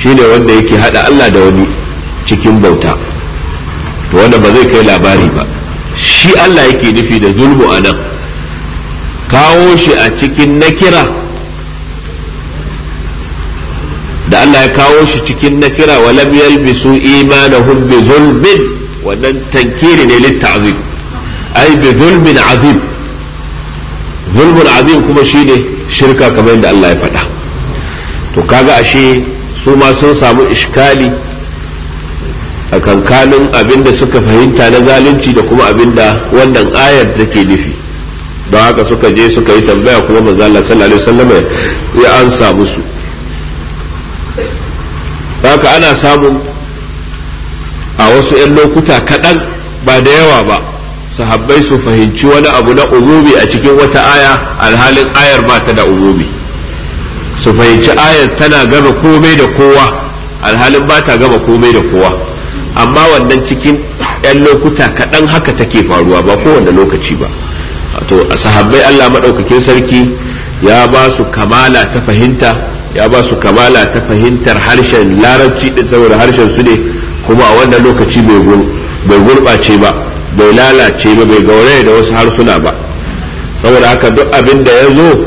shine wanda yake hada Allah da wani cikin bauta to wanda ba zai kai labari ba shi Allah yake nufi da zulmu a nan kawo shi a cikin nakira da Allah ya kawo shi cikin nakira wa lam yalbisu imanahum bi zulmin wannan tankiri ne litta'zim ai bi zulmin azim zulmun azim kuma shine shirka kamar yadda Allah ya faɗa to kaga ashe su ma sun samu iskali a kankanin abinda suka fahimta na zalunci da kuma abinda wannan ayar take nufi don haka suka je suka yi tambaya kuma manzo Allah sallallahu alaihi wasallam ya ansa musu haka ana samun a wasu 'yan lokuta kaɗan ba da yawa ba sahabbai su fahimci wani abu na umumi a cikin wata aya alhalin ayar ba ta da umumi su fahimci ayar tana gama komai da kowa alhalin ba ta gama komai da kowa amma wannan cikin 'yan lokuta kaɗan haka take faruwa ba kowane lokaci ba wato sahabbai Allah maɗaukakin sarki ya ba su kamala ta fahimta ya ba su kamala ta fahimtar harshen larabci din saboda harshen su ne kuma a wannan lokaci bai gurbace ba bai lalace ba bai gauraya da wasu harsuna ba saboda haka duk abin da ya zo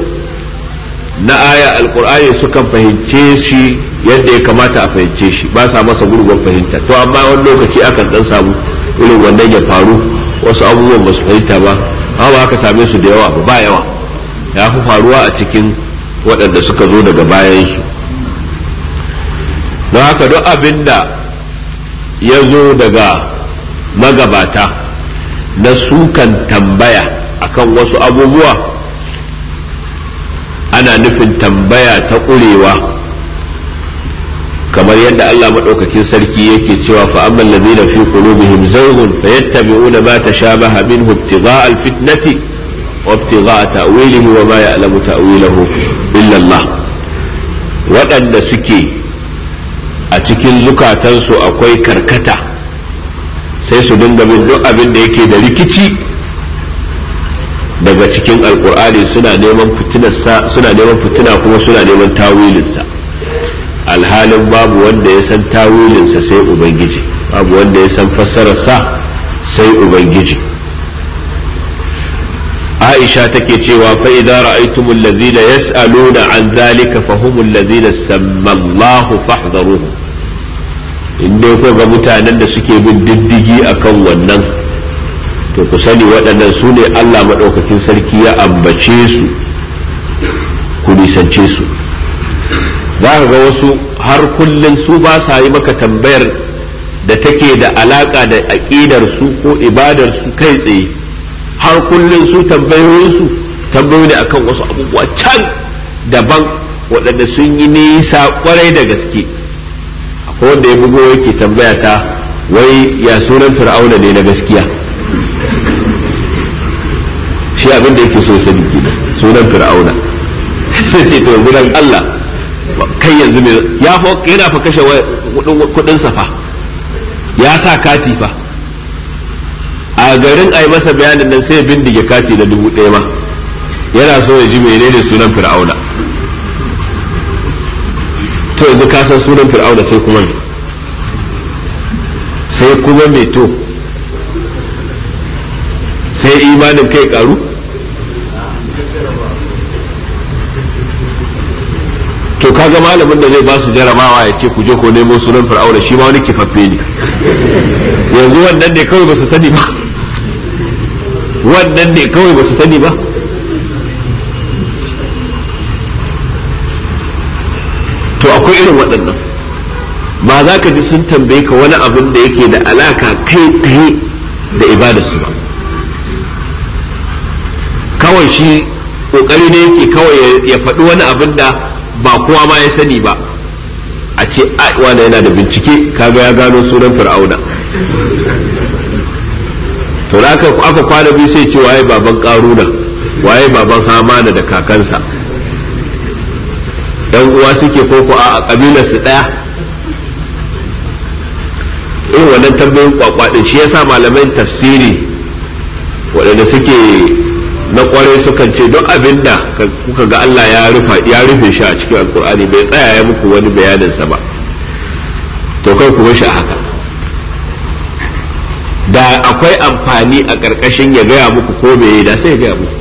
na aya alkur'ani sukan fahimce shi yadda ya kamata a fahimce shi ba sa masa gurbin fahimta to amma wani lokaci akan dan samu irin wannan ya faru wasu abubuwan ba su fahimta ba ba ba ka same su da yawa ba ba yawa ya fi faruwa a cikin waɗanda suka zo daga bayan shi. don haka duk abin da ya zo daga magabata na sukan tambaya akan wasu abubuwa ana nufin tambaya ta ƙurewa kamar yadda Allah madaukakin sarki yake cewa fa amman ladina ba qulubihim zawghun fayattabi'una ma tashabaha minhu ibtigha'a alfitnati wa ibtigha'a ta'wilihi wa ma ya'lamu ta'wilahu illa Allah waɗanda suke a cikin zukatansu akwai karkata sai su dinga bin duk abin da yake da rikici daga cikin alƙur'ani suna neman fitina kuma suna neman tawilinsa alhalin babu wanda ya san tawilinsa sai ubangiji babu wanda ya san fassararsa sai ubangiji aisha take cewa fa idza ra'aytum allazina yas'aluna an zalika fa hum allazina sammallahu fahdharuhum ku ga mutanen da suke bin diddigi akan wannan to ku sani waɗannan su ne Allah madaukakin sarki ya ambace su ku nisance su za ka ga wasu har kullum su ba sa yi maka tambayar da take da alaka da aƙidar su ko ibadar su kai tsaye har kullum su tambayoyinsu tambayoyi ne akan wasu abubuwa can daban waɗanda sun yi nisa kwarai da gaske akwai wanda ya bugo yake tambaya ta wai ya sunan fir'auna ne na gaskiya shi abin da yake so sani kenan sunan fir'auna sai to gudan Allah kai yanzu mai ya fa yana fa kashe kudin sa fa ya sa kati fa a garin ai masa bayanin nan sai bindige kati da dubu ɗaya ma yana so ya ji menene sunan fir'auna to yanzu ka san sunan fir'auna sai kuma me sai kuma me to sai imanin kai karu to kaga malamin da zai ba su jarabawa ya ce ku je ko nemo sunan fir'auna shi ma wani kifaffe ne yanzu wannan ne kawai ba su sani ba wannan ne kawai ba su sani ba to akwai irin waɗannan ba za ka ji sun tambaye ka wani abin da yake da alaka kai tsaye da ibadarsu ba kawai shi ƙoƙari ne yake kawai ya faɗi wani abin da ba kowa ma ya sani ba a ce a wane yana da bincike kaga ya gano sunan fir'auna to da aka kwana biyu sai ce waye baban karuna waye baban hamana da kakansa yan uwa suke ko a kabilar su daya irin wannan tambayin kwakwadin shi yasa malamin tafsiri waɗanda suke na kwarai sukan ce duk abin da kuka ga Allah ya ya rufe shi a cikin alkur'ani bai tsaya ya muku wani bayaninsa ba to kai ku shi a haka da akwai amfani a karkashin ya gaya muku ko me da sai ya gaya muku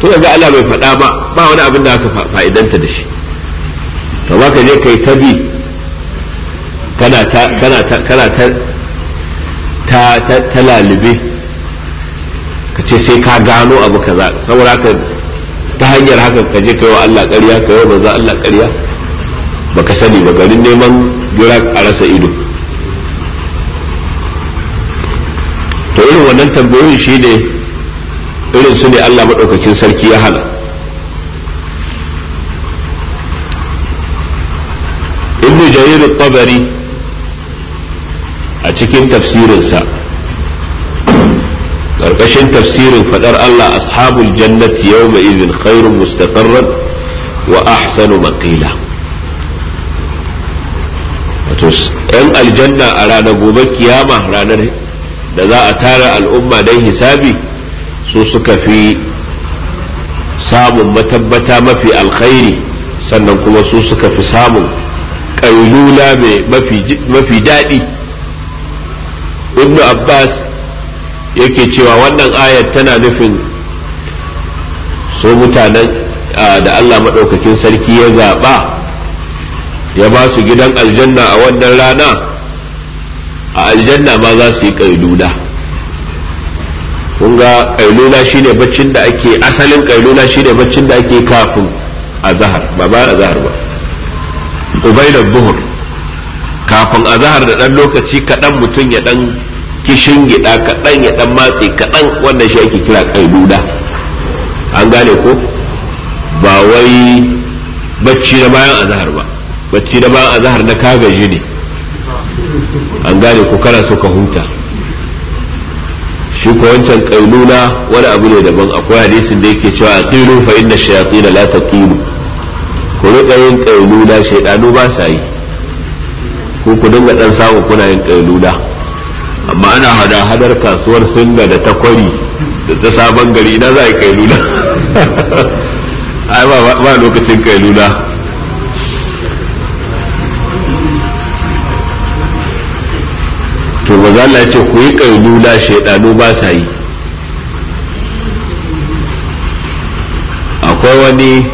to ga Allah bai faɗa ba ba wani abin da aka fa'idanta da shi to ba ka je kai tabi kana ta kana ta kana ta ta, ta, ce sai ka gano abu kaza saboda haka ta hanyar haka ka je kai wa Allah ƙarya kai wa manzo Allah ƙarya baka sani ba garin neman gira a rasa ido to irin wannan tambayoyin shine irin su ne Allah madaukakin sarki ya hana ibnu jarir at-tabari a cikin tafsirinsa karkashin tafsirin fadar Allah ashabul jannati yawma izin khairun mustaqarran wa ahsanu maqila wato yan aljanna a ranar gobe kiyama ranar da za a tara al'umma don hisabi su suka fi samun matabbata mafi alkhairi sannan kuma su suka fi samun ƙailula mafi daɗi ibnu abbas yake cewa wannan ayat tana nufin su mutanen da Allah maɗaukakin sarki ya zaɓa ya ba su gidan aljanna a wannan rana a aljanna ma za su yi ƙailula kunga ga shine baccin da ake asalin ƙailula shine baccin da ake kafin zahar ba ba zahar ba ubaidan buhur kafin zahar da ɗan lokaci kaɗan mutum ya ɗan kishin gida kaɗan ya ɗan matse kaɗan wannan shi ake kira ƙailuda an gane ko ba wai bacci na bayan azahar ba bacci na bayan azahar na kagaji ne an gane ko kana so ka huta shi ko wancan kailula wani abu ne daban akwai hadisin da yake cewa aqilu fa shayatsi da lata taqilu ku riƙa yin kailula shaydanu ba sa yi ko ku dinga dan samu kuna yin kailula amma ana hada hadar kasuwar singa da takwari da ta sabon gari na za a yi kai kailula ai ba lokacin kai kailula to ba za ce ku yi kailula shaidanu ba sa yi akwai wani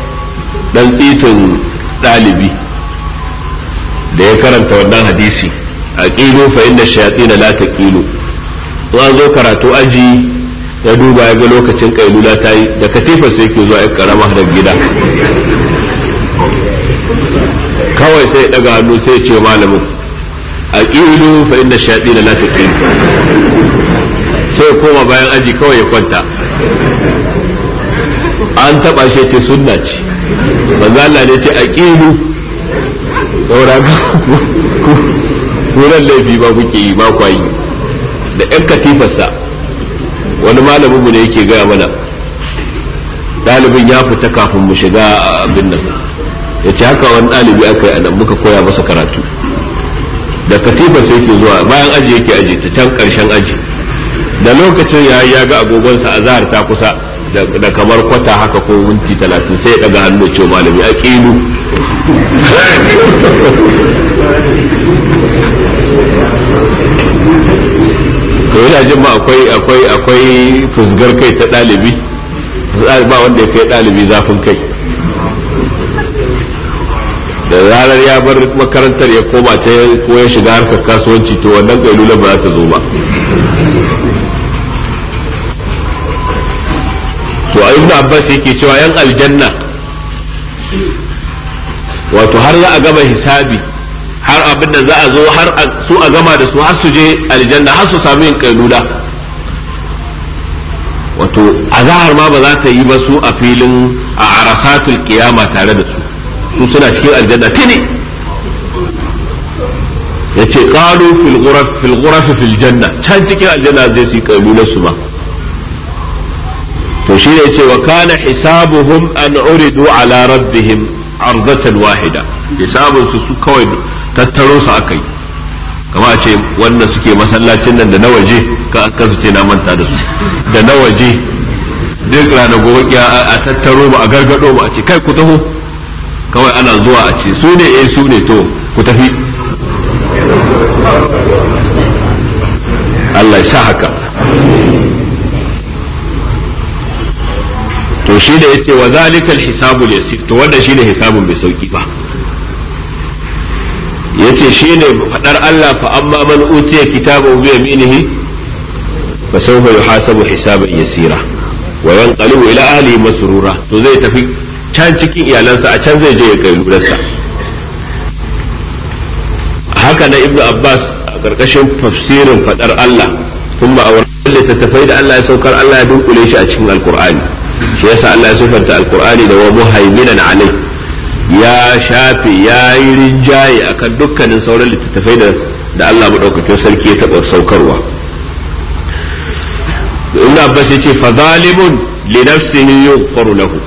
dan tsitin ɗalibi da ya karanta wannan hadisi aqilu fa inna shayatin la taqilu to an zo karatu aji ya duba ya ga lokacin kailula ta yi da katifa sai ke zuwa ya karama da gida kawai sai daga hannu sai ce malamin aqilu fa inna shayatin la taqilu sai koma bayan aji kawai ya kwanta an taba shi ce sunna ce manzo Allah ne ce aqilu saboda turan laifi ba kuke yi ba kwa yi da yan katifarsa wani malamin mu ne yake gaya mana ɗalibin ya fita kafin mu shiga abin nan ya ce haka wani ɗalibi aka yi anan muka koya masa karatu da katifarsa yake zuwa bayan aji yake aji ta can ƙarshen aji da lokacin ya ya ga agogonsa a zahar ta kusa da kamar kwata haka ko minti talatin sai ya ɗaga hannu ce malami a ƙinu. ko yana jin ma akwai akwai akwai fusgar kai ta ɗalibi ba wanda ya kai ɗalibi zafin kai da zarar ya bar makarantar ya koma ta ko ya shiga harkar kasuwanci to wannan kailulan ba za ta zo ba to ibnu abbas yake cewa yan aljanna wato har za a gama hisabi har abin da za a zo har su a gama da su har su je aljanna har su sami yin kailula wato azahar ma ba za ta yi ba su a filin a arasatul kiyama tare da su su suna cikin aljanna tini ya ce ƙalu fil filjanna can cikin aljanna zai su yi kailula su ba to shi ne ce wa kana hisabuhum an uridu ala rabbihim arzatan wahida hisabun su su kawai tattaro su aka yi kama a ce wanda suke masallacin nan da na waje ka aka su ce na manta da su da na waje duk rana gobe a tattaro ba a gargado ba a ce kai ku taho kawai ana zuwa a ce su ne eh su ne to ku tafi Allah ya sa haka to shi da yace wa zalikal hisabul yasir to wanda ne hisabun mai sauki ba yace shine fadar Allah fa amma man utiya kitabahu bi yaminihi fa sawfa yuhasabu hisaban yasira wa yanqalibu ila ahlihi masrura to zai tafi can cikin iyalansa a can zai je ya kai lurarsa haka na ibnu abbas a karkashin tafsirin fadar Allah kuma a wurin littattafai da Allah ya saukar Allah ya dunkule shi a cikin alqur'ani shi yasa Allah ya sifanta alkur'ani da wa muhaiminan alai ya shafe ya yi rinjaye akan dukkanin sauran littattafai da da Allah madaukakin sarki ya taɓa saukarwa Ibn Abbas yace ce zalimun li nafsihi yughfaru lahu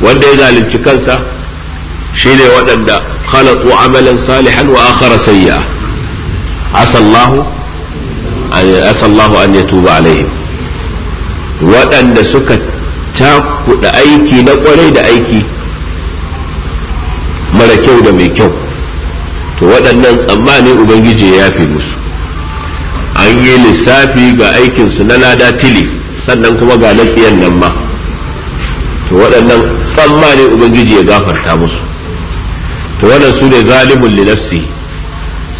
wanda ya zalunci kansa shine waɗanda khalaqu amalan salihan wa akhara sayya asa Allah an yatuba alaihim waɗanda suka takuda aiki na kwarai da aiki mara kyau da mai kyau to waɗannan tsammani ubangiji ya yafe musu an yi lissafi ga aikinsu na lada tili sannan kuma ga laƙiyan nan ma to waɗannan tsammanin ubangiji ya gafarta musu to waɗansu su ne zalimun linafsi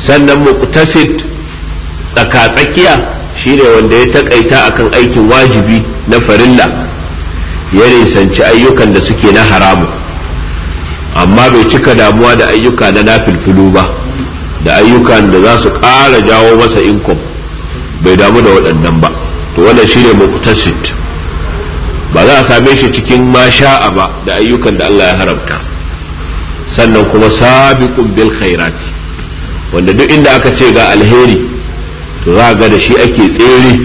sannan muqtasid tsakatsakiya shine wanda ya takaita akan aikin wajibi na farilla ya nisanci ayyukan da suke na haramu amma bai cika damuwa da ayyuka na nafilfilu ba da ayyukan da za su ƙara jawo masa inkom bai damu da waɗannan ba to wannan shine muqtasid ba za a same shi cikin masha'a ba da ayyukan da Allah ya haramta sannan kuma sabiqun bil khairat wanda duk inda aka ce ga alheri to za ga da shi ake tsere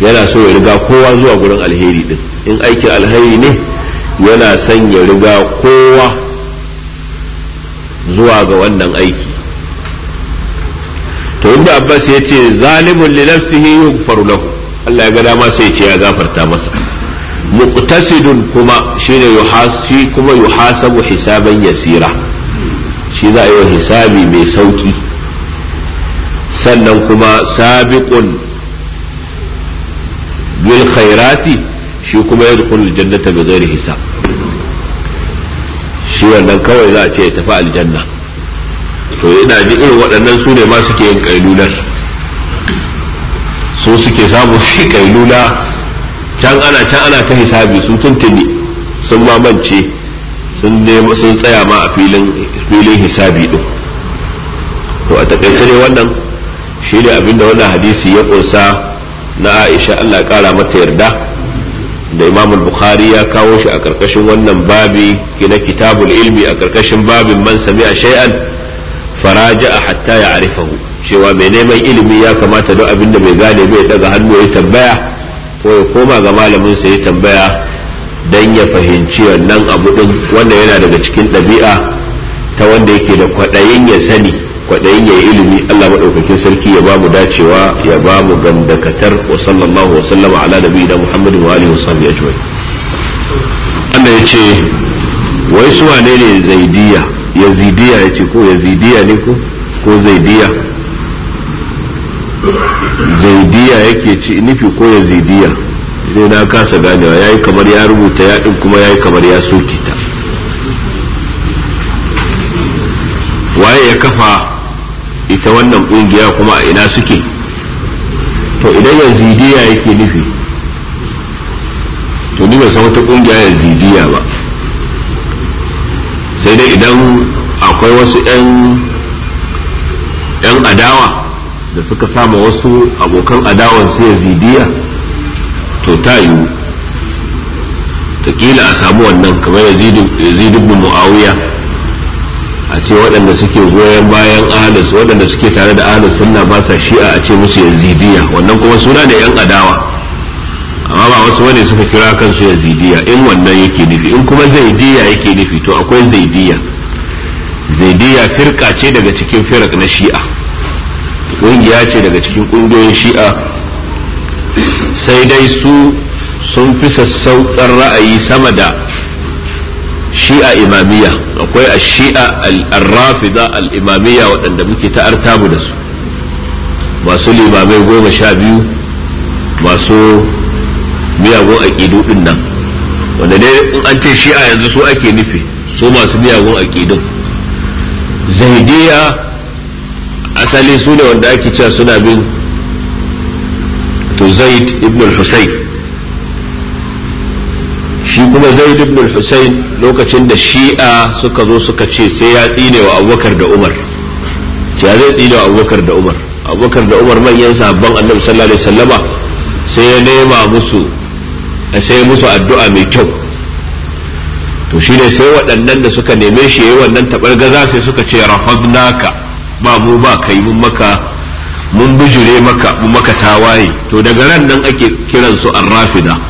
yana so ya riga kowa zuwa gurin alheri din in aikin alheri ne yana son ya riga kowa zuwa ga wannan aiki to inda abbas ya ce zalimun li nafsihi yughfaru lahu Allah ya ga dama sai ce ya gafarta masa muqtasidun kuma shine yuhasi kuma yuhasabu hisaban yasira shi za a yi wa hisabi mai sauki sannan kuma sabiqun bil khairati shi kuma yadkhulul jannata bi ghairi hisab shi wannan kawai za a ce ya tafi aljanna to ina ji irin waɗannan su ne ma suke yin ƙailular su suke samu shi ƙailula can ana can ana ta hisabi su tuntuni sun mamance sun tsaya ma a filin hisabi ɗin to a takaice ne wannan shi ne abinda wannan hadisi ya ƙunsa na aisha allah kara mata yarda da imam bukhari ya kawo shi a karkashin wannan babi na kitabul ilmi a karkashin babin man sami'a shay'an faraja hatta ya arifahu cewa mai neman ilimi ya kamata don abin da bai gane bai daga hannu ya tambaya ko ya koma ga malamin sa ya tambaya dan ya fahimci wannan abu din wanda yana daga cikin ɗabi'a ta wanda yake da kwaɗayin ya sani kwaɗayin ya ilimi Allah maɗaukakin sarki ya ba mu dacewa ya ba mu gandakatar wa sallallahu wa sallama ala da biyu da muhammadin wa alihi wasallam ya jiwai Allah ya ce wai su wane ne zaidiya ya zidiya ya ce ko ya zidiya ne ko ko zaidiya zaidiya yake ce nufi ko ya zidiya sai na kasa ganewa ya yi kamar ya rubuta ya ɗin kuma ya yi kamar ya soke ta waye ya kafa ita wannan kungiya kuma a ina suke to idan yazidiya yake nufi to ni ban san wata kungiya yazidiya ba sai dai idan akwai wasu 'yan adawa da suka sama wasu abokan adawan su yazidiya to ta yiwu ta kila a samu wannan kamar yazid ibn muawiya a ce waɗanda suke goyon bayan ahlus waɗanda suke tare da ahlus sunna ba sa shi'a a ce musu yazidiya wannan kuma suna da yan adawa amma ba wasu wani suka kira kansu yazidiya in wannan yake nufi in kuma zaidiya yake nufi to akwai zaidiya zaidiya firka ce daga cikin firak na shi'a ƙungiya ce daga cikin ƙungiyoyin shi'a sai dai su sun fi sassauƙar ra'ayi sama da shi'a imamiya akwai a shi'a al-rafida al-imamiyya waɗanda muke ta mu da su masu limamai goma sha biyu masu miyagun aƙidu ɗin nan wanda dai in an ce shi'a yanzu su ake nufi su masu miyagun aƙidu zaidiya asali su ne wanda ake cewa suna bin to zaid ibn al-husayn shi kuma zaid ibn al-husayn lokacin da shi'a suka zo suka ce sai ya tsine wa abubakar da umar ya zai tsine wa abubakar da umar abubakar da umar manyan sabon annabi sallallahu alaihi wasallama sai ya nema musu sai musu addu'a mai kyau to shine sai waɗannan da suka neme shi yayi wannan tabargaza sai suka ce rafadnaka ba mu ba kai mun maka mun bijire maka mun maka tawaye to daga ran nan ake kiran su rafida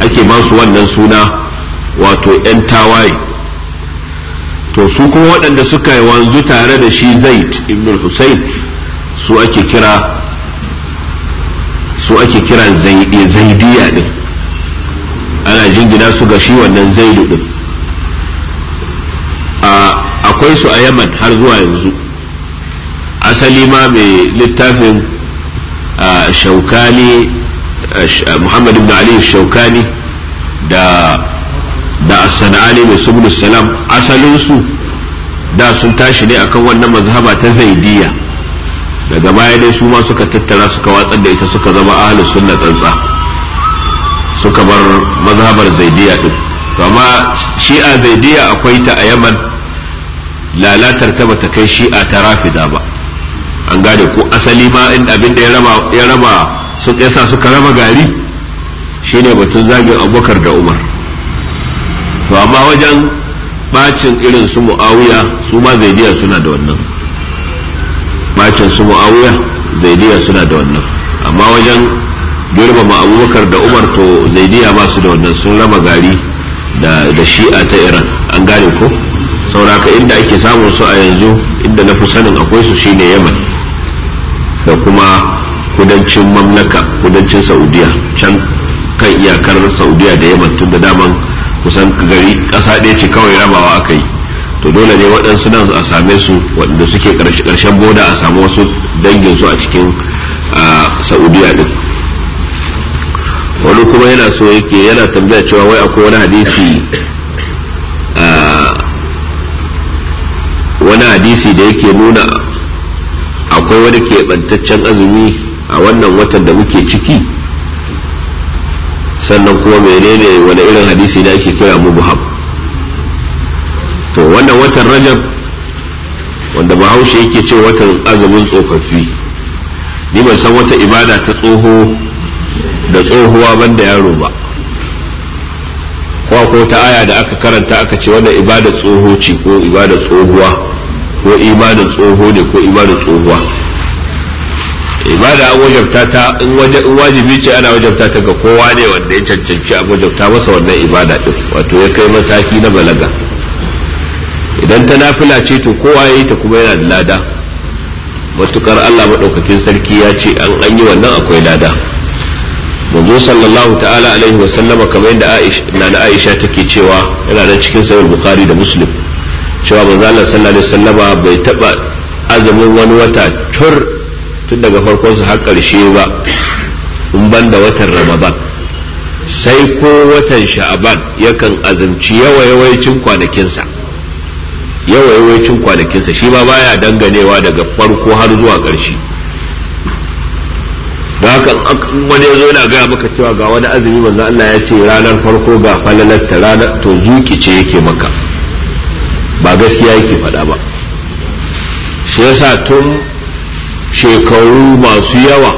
ake ba su wannan suna wato 'yan tawaye to su kuma waɗanda suka yi wanzu tare da shi zaid ibn hussein su ake kira su ake kira zaidiya din ana jingina su ga shi wannan zaidu din akwai su a yaman har zuwa yanzu asali ma mai littafin shaukali muhammad ibn ali shaukani da da mai subul salam asalin da sun tashi ne akan wannan mazhaba ta zaidiya daga baya dai su ma suka tattara suka watsar da ita suka zama ahlus sunna tsantsa suka bar mazhabar zaidiyya din to amma shi'a zaidiyya akwai ta a yaman lalatar ta bata kai shi'a ta rafida ba an gane ko asali ma in abin ya raba suka yasa suka rama gari shine batun zagin abubakar da umar to amma wajen bacin irin su mu'awiya su ma zaidiya suna da wannan bacin su mu'awiya zaidiya suna da wannan amma wajen girmama abubakar da umar to zaidiya ba su da wannan sun rama gari da shi'a ta iran an gane ko sauraka inda ake samun su a yanzu inda na fi sanin akwai su shine yaman da kuma kudancin mamlaka kudancin saudiya can kan iyakar saudiya da yaman tun da daman kusan gari ƙasa ɗaya ce kawai rabawa aka yi to dole ne waɗansu nan a same su waɗanda suke ƙarshen boda a samu wasu dangin su a cikin saudiya ɗin wani kuma yana so yake yana tambaya cewa wai akwai wani hadisi wani hadisi da yake nuna akwai wani keɓantaccen azumi a wannan watan da muke ciki sannan kuma menene wani irin hadisi da ake kira mu to wannan watan rajab wanda bahaushe yake ce watan azumin tsofaffi ni ban san wata ibada ta tsoho da tsohuwa banda yaro ba ko ko ta aya da aka karanta aka ce wannan ibada tsoho ce ko ibada tsohuwa ko ibada tsoho ne ko ibada tsohuwa ibada a wajabta ta in wajibi ce ana wajabta ta ga kowa ne wanda ya cancanci a wajabta masa wannan ibada din wato ya kai mataki na balaga idan ta nafila ce to kowa ya yi ta kuma yana da lada matukar Allah maɗaukakin sarki ya ce an an yi wannan akwai lada manzo sallallahu ta'ala alaihi wa sallama kamar yadda Aisha Aisha take cewa yana nan cikin sahih Bukhari da Muslim cewa manzo Allah sallallahu alaihi wasallama bai taba azumin wani wata tur tun daga farkon su har ƙarshe ba in ban da watan ramadan sai ko watan sha'aban yakan azumci yawayawaicin kwanakinsa yawayawaicin kwanakinsa shi ba baya danganewa daga farko har zuwa ƙarshe da haka wani ya zo yana gaya maka cewa ga wani azumi manzo Allah ya ce ranar farko ga ta ranar to zuki ce yake maka ba gaskiya yake faɗa ba shi yasa tun shekaru masu yawa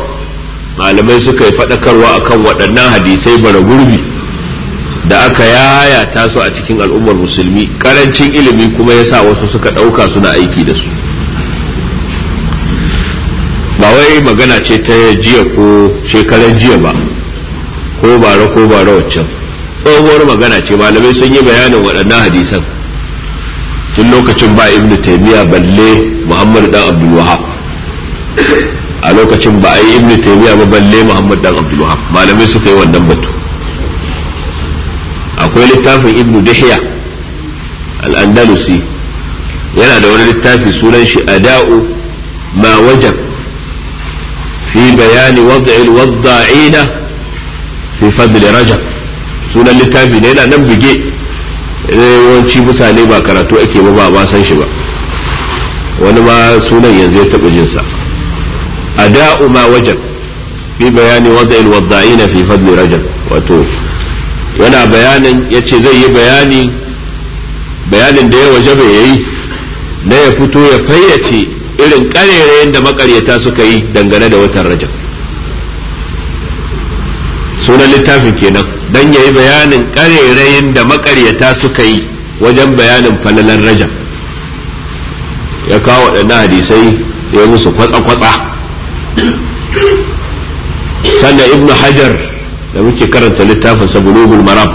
malamai suka yi faɗakarwa akan waɗannan hadisai bara gurbi da aka yayata su a cikin al'ummar musulmi ƙarancin ilimi kuma ya sa wasu suka ɗauka suna aiki da su ba wai magana ce ta jiya ko shekaran jiya ba ko bara ko bara waccan tsohuwar magana ce malamai sun yi bayanin waɗannan hadisan tun lokacin ba ibnu taymiya balle muhammad dan abdul a lokacin ba a yi ibn taymiya ba balle muhammad dan abdul wahab malamai suka yi wannan batu akwai littafin ibn dihya al-andalusi yana da wani littafi sunan shi ada'u ma wajab fi bayani wad'il wad'ina fi fadl rajab sunan littafi ne yana nan bige eh, yawanci mutane ba karatu ake ba ba san shi ba wani ma sunan yanzu ya taɓa jinsa A da'uma wajab fi bayani wada'il wadda'ina fi fadli rajab wato yana bayanin yace zai yi bayani bayanin da ya wajaba yayi na ya fito ya fayyace irin karerayen da makaryata suka yi dangane da watan rajab sunan littafin kenan dan yayi bayanin karerayen da makaryata suka yi wajen bayanin falalan rajab ya kawo waɗannan hadisai ya musu kwatsa-kwatsa sannan ibnu hajar da muke karanta littafin sa bulugul maram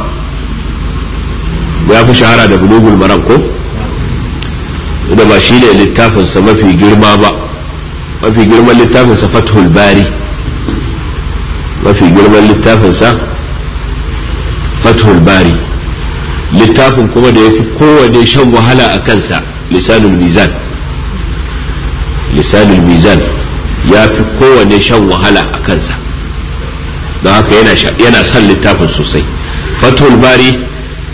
ya fi shahara da bulugul maram ko da ba shi ne littafin sa mafi girma ba mafi girman littafin sa fathul bari mafi girman littafin sa fathul bari littafin kuma da ya fi kowane shan wahala a kansa lisanul mizan lisanul mizan ya fi kowanne shan wahala a kansa don haka yana son littafin sosai fatul bari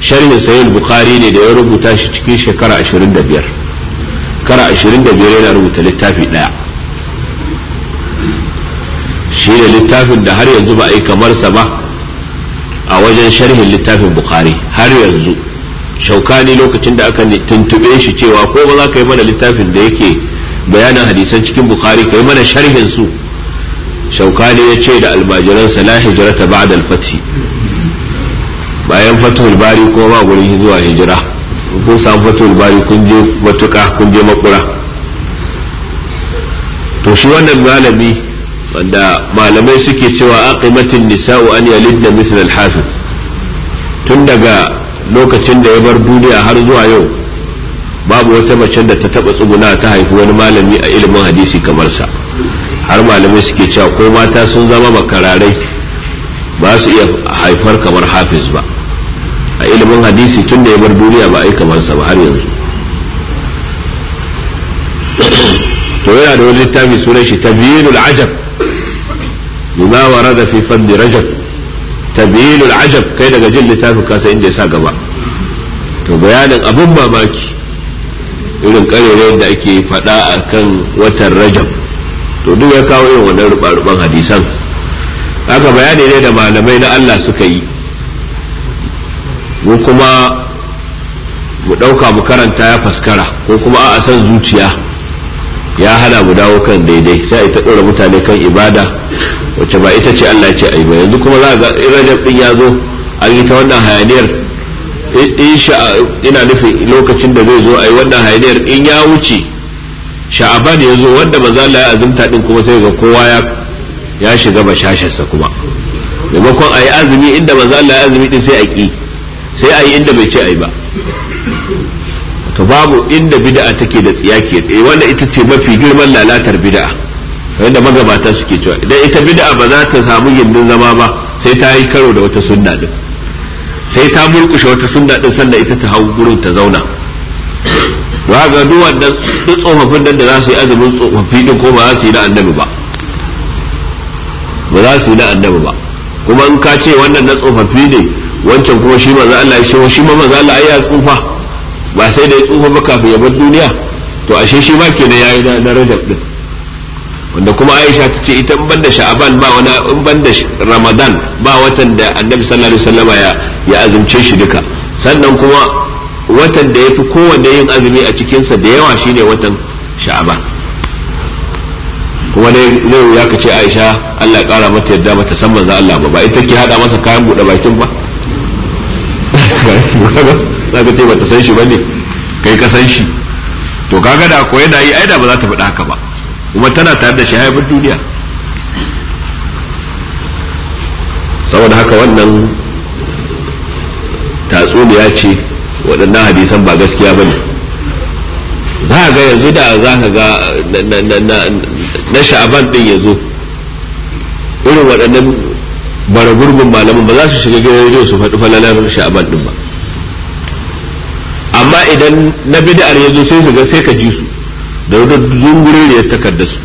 sharhin sayyid bukhari ne da ya rubuta shi cikin shekara 25 kara 25 yana rubuta littafi daya shi ne littafin da har yanzu ba a yi kamarsa ba a wajen sharhin littafin bukhari har yanzu ne lokacin da aka tuntube shi cewa ko ba za ka yi mana littafin da yake bayanin hadisan cikin bukhari kai mana sharhin su shaukani ya ce da almajiransa la hijrata ba'da al-fath bayan fatul bari ko ba gurin zuwa hijira kun samu fatul bari kun je matuka kun je makura to shi wannan malami wanda malamai suke cewa aqimatin nisa'u an yalidna misl al-hafiz tun daga lokacin da ya bar duniya har zuwa yau babu wata macen da ta taba tsuguna ta haifi wani malami a ilimin hadisi kamar sa har malamai suke cewa ko mata sun zama makararai ba su iya haifar kamar hafiz ba a ilimin hadisi tun da ya bar duniya ba ai kamar sa ba har yanzu to yana da wani littafi sunan shi tabyinul ajab bima warada fi fadli rajab tabyinul ajab kai daga jin littafin kasa inda ya sa gaba to bayanin abin mamaki irin karere da ake faɗa a kan watan rajab to duk ya kawo irin wannan ruɓa-ruɓan hadisan haka bayani ne da malamai na Allah suka yi mu kuma mu ɗauka mu karanta ya faskara ko kuma a san zuciya ya hana mu dawo kan daidai sai ita ɗora mutane kan ibada wacce ba ita ce Allah ce a ba yanzu kuma za ga rajab ɗin ya zo an yi ta wannan hayaniyar in ina nufi lokacin da zai zo a yi wannan hayaniyar in ya wuce sha'aban ya zo wanda maza Allah ya azumta din kuma sai ga kowa ya ya shiga bashasharsa kuma maimakon a yi azumi inda maza Allah ya azumi din sai a ki sai a yi inda bai ce a yi ba to babu inda bid'a take da tsiyaki eh wanda ita ce mafi girman lalatar bid'a wanda magabata suke cewa idan ita bid'a ba za ta samu gindin zama ba sai ta yi karo da wata sunna din sai ta murkushe wata sunna din sannan ita ta hau gurin ta zauna ba ga duwan da duk tsofaffin da za su yi azumin tsofaffi din ko ba za su yi na annabi ba ba za su yi na annabi ba kuma in ka ce wannan na tsofaffi ne wancan kuma shi maza Allah ya shewa shi ma maza Allah ai ya tsufa ba sai da ya tsufa ba kafin ya bar duniya to ashe shi ma ke yayi na na din wanda kuma Aisha ta ce ita in banda sha'aban ba wani in banda Ramadan ba watan da Annabi sallallahu alaihi wasallama ya ya azumce shi duka sannan kuma watan da ya fi kowanne yin azumi a cikinsa da yawa shine watan sha'aban kuma zai ya kace aisha allah kara mata yadda mata san manzo allah ba ba ita ke hada masa kayan buɗe bakin ba za ka ce bata san shi ba ne kai ka san shi to kaga da ko yana yi aida ba za ta faɗa haka ba kuma tana tare da shi duniya saboda haka wannan tatsuniya ce waɗannan hadisan ba gaskiya ba ne za a ga yanzu da za ka ga na sha'aban ɗin ya zo irin waɗannan baragurbin malaman ba za su shiga gidan rediyo su faɗi falalar sha'aban ɗin ba amma idan na bid'ar ya zo sai su ga sai ka ji su da wata ya takarda su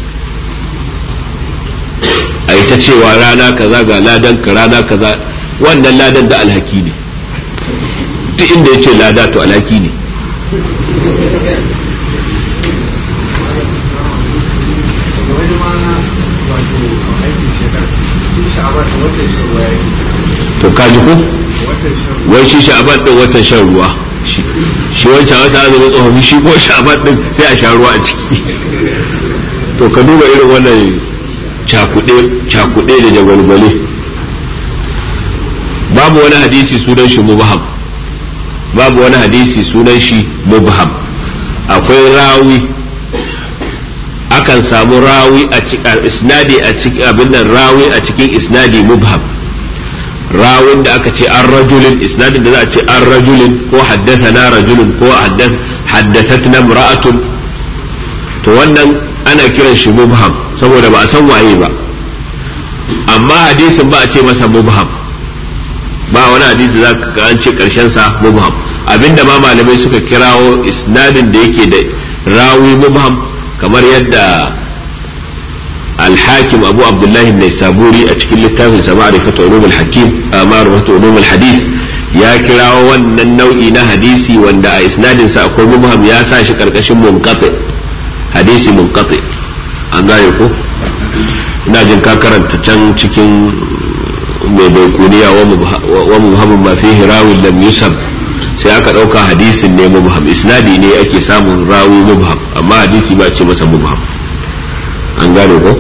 a yi ta cewa rana kaza ga ladan ka rana kaza wannan ladan da alhaki ne duk inda yace lada to alaki ne to kaji ku wai shi sha'aban din watan shan ruwa shi wancan wata azumin tsohon shi ko sha'aban din sai a sha ruwa a ciki to ka duba irin wannan cakuɗe da jagwalgwale babu wani hadisi sunan shi mubaham babu wani hadisi sunan shi mubham akwai rawi akan samu rawi a isnadi a cikin abin nan rawi a cikin isnadi mubham rawin da aka ce an rajulin isnadin da za a ce an rajulin ko haddasa na rajulin ko haddasa na mura'atun to wannan ana kiran shi mubham saboda ba a san waye ba amma hadisin ba a ce masa mubham ba wani hadisi za ka an ce karshen sa mubham abinda ma malamai suka kirawo isnadin da yake da rawi mubham kamar yadda الحاكم أبو عبد الله النيسابوري أتكلم التافل سمعرفة علوم الحكيم معرفة ya kirawo wannan nau'i na hadisi wanda a isnadin sa akwai mubham ya sa shi karkashin munqati hadisi munqati an gane ko ina jin ka karanta can cikin mai bai kuniya wa mubhamun ma rawin lam yusab sai aka ɗauka hadisin ne mubham isnadi ne ake samun rawi mubham amma hadisi ba ce masa mubham an gane ko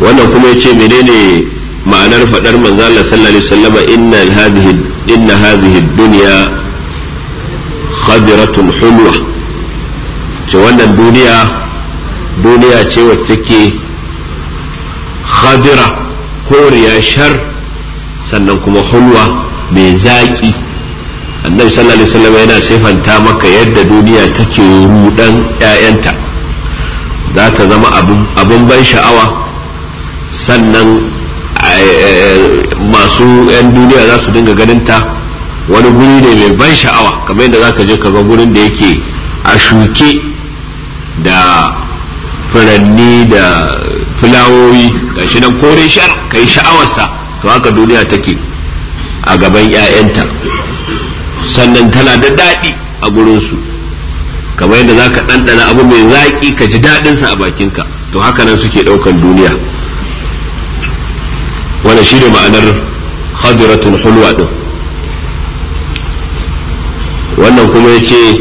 wannan kuma yace menene ma'anar faɗar manzo Allah sallallahu alaihi inna hadhihi inna hadhihi dunya khadiratun hulwa ce wannan duniya duniya ce wacce take khadira koriya shar sannan kuma hulwa mai zaƙi annabi sallallahu alaihi wasallam yana sifanta maka yadda duniya take rudan ƴaƴanta za ta zama abin ban sha'awa sannan eh, eh, masu 'yan duniya za su dinga ganin ta wani guri ne mai ban sha'awa kamar yadda za ka je ka ga gurin da yake a shuke da furanni da fulawoyi gashi nan kore shar kai sha'awarsa to haka duniya take a gaban 'ya'yanta sannan tana da daɗi a gurinsu kamar yadda za ka ɗanɗana abu mai zaƙi ka ji daɗinsa a bakin ka to haka nan suke ɗaukan duniya wanda shi ne ma'anar hadiratun hulwa ɗin wannan kuma ya ce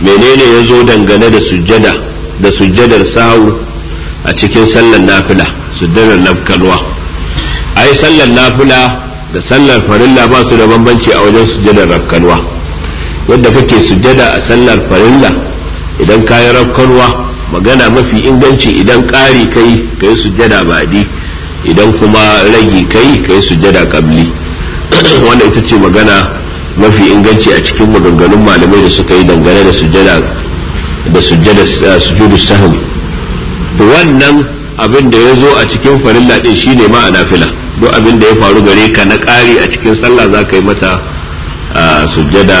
menene ya zo dangane da sujjada da sujjadar sahu a cikin sallar nafila sujjadar nafkalwa ai sallar nafila da sallar farilla ba su da bambanci a wajen sujjadar rakkanwa yadda kake sujada a sallar farilla idan kayi rakkanwa magana mafi inganci idan ƙari kai kai sujjada ba'di idan kuma ragi kai kai sujada kabli wanda ita ce magana mafi inganci a cikin maganganun malamai da suka yi dangane da sujjada da sujada eh, sujudu sahwi wannan abin da ya zo a cikin farilla din shine ma a nafila duk abin da ya faru gare ka na ƙari a cikin sallah za ka yi mata sujjada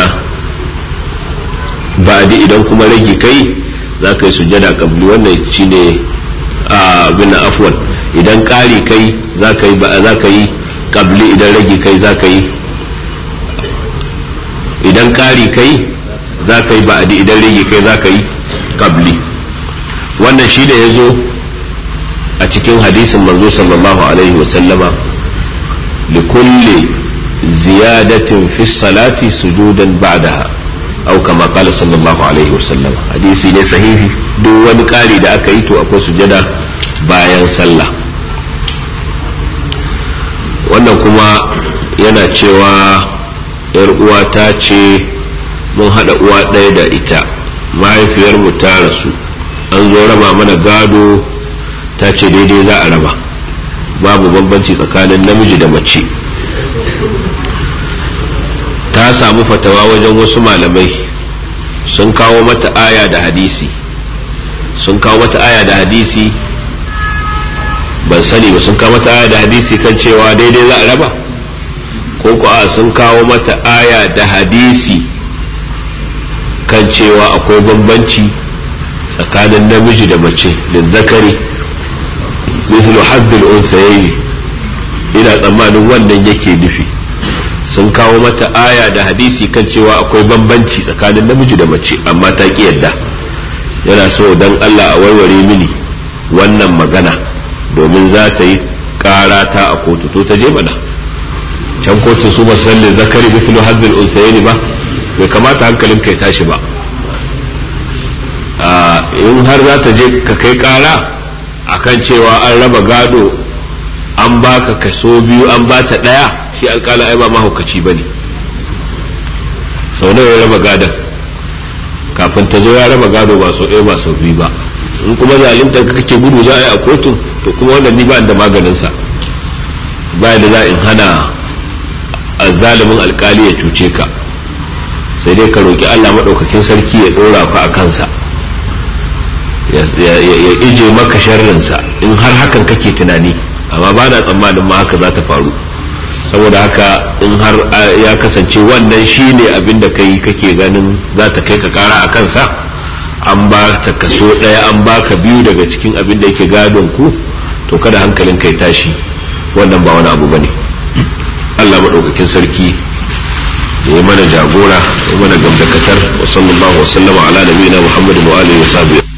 ba'adi idan kuma rage kai za ka yi sujjada kabli wannan shine abin na afuwan idan ƙari kai za ka yi za ka yi kabli idan rage kai za ka yi idan ƙari kai za ka yi ba'adi idan rage kai za ka yi kabli wannan shi da ya zo a cikin hadisin manzo sallallahu alaihi wasallama kulli ziyadatin fi salati sujudan ba'daha aw kama qala sallallahu alaihi wasallama hadisi ne sahihi duk wani kari da aka yi to akwai sujada bayan sallah wannan kuma yana cewa yar uwa ta ce mun haɗa uwa ɗaya da ita mahaifiyarmu ta rasu an zo raba mana gado ta ce daidai za a raba babu bambanci tsakanin namiji da mace ta samu fatawa wajen wasu malamai sun kawo mata aya da hadisi sun kawo mata aya da hadisi ban sani ba sun kawo mata aya da hadisi kan cewa daidai za a raba ko kuwa a sun kawo mata aya da hadisi kan cewa akwai bambanci tsakanin namiji da mace da zakari mislu haddul unsayayi ina tsammanin wannan yake nufi sun kawo mata aya da hadisi kan cewa akwai bambanci tsakanin namiji da mace amma ta ki yadda yana so dan Allah a warware mini wannan magana domin za ta yi kara a kotu to ta je mana can kotu su ba sallin zakari mislu hazzul unsayni ba bai kamata hankalin kai tashi ba ah, in har za ta je ka kai kara akan cewa an raba gado an baka kaso biyu an bata daya shi kala ai ba mahaukaci bane sau nawa ya raba gadon kafin ta zo ya raba gado ba sau ɗaya ba sau biyu ba in kuma ka kake gudu za a yi a kotun to kuma wannan ni ba da maganinsa ba da za in hana zalimin alkali ya cuce ka sai dai ka roki Allah maɗaukakin sarki ya dora ka a kansa ya ije maka sharrinsa in har hakan kake tunani amma ba na tsammanin ma haka za ta faru saboda haka in har ya kasance wannan shi ne abin abinda kai kake ganin za ta kai ka kara a kansa an ba ta kaso ɗaya an ba ka biyu daga cikin abin da yake gadon ku to kada hankalin kai tashi wannan ba wani abu bane Allah maɗaukakin sarki ya mana jagora ya mana gamdakatar wa sallallahu wa sallama ala nabiyina muhammadin wa alihi wa sahbihi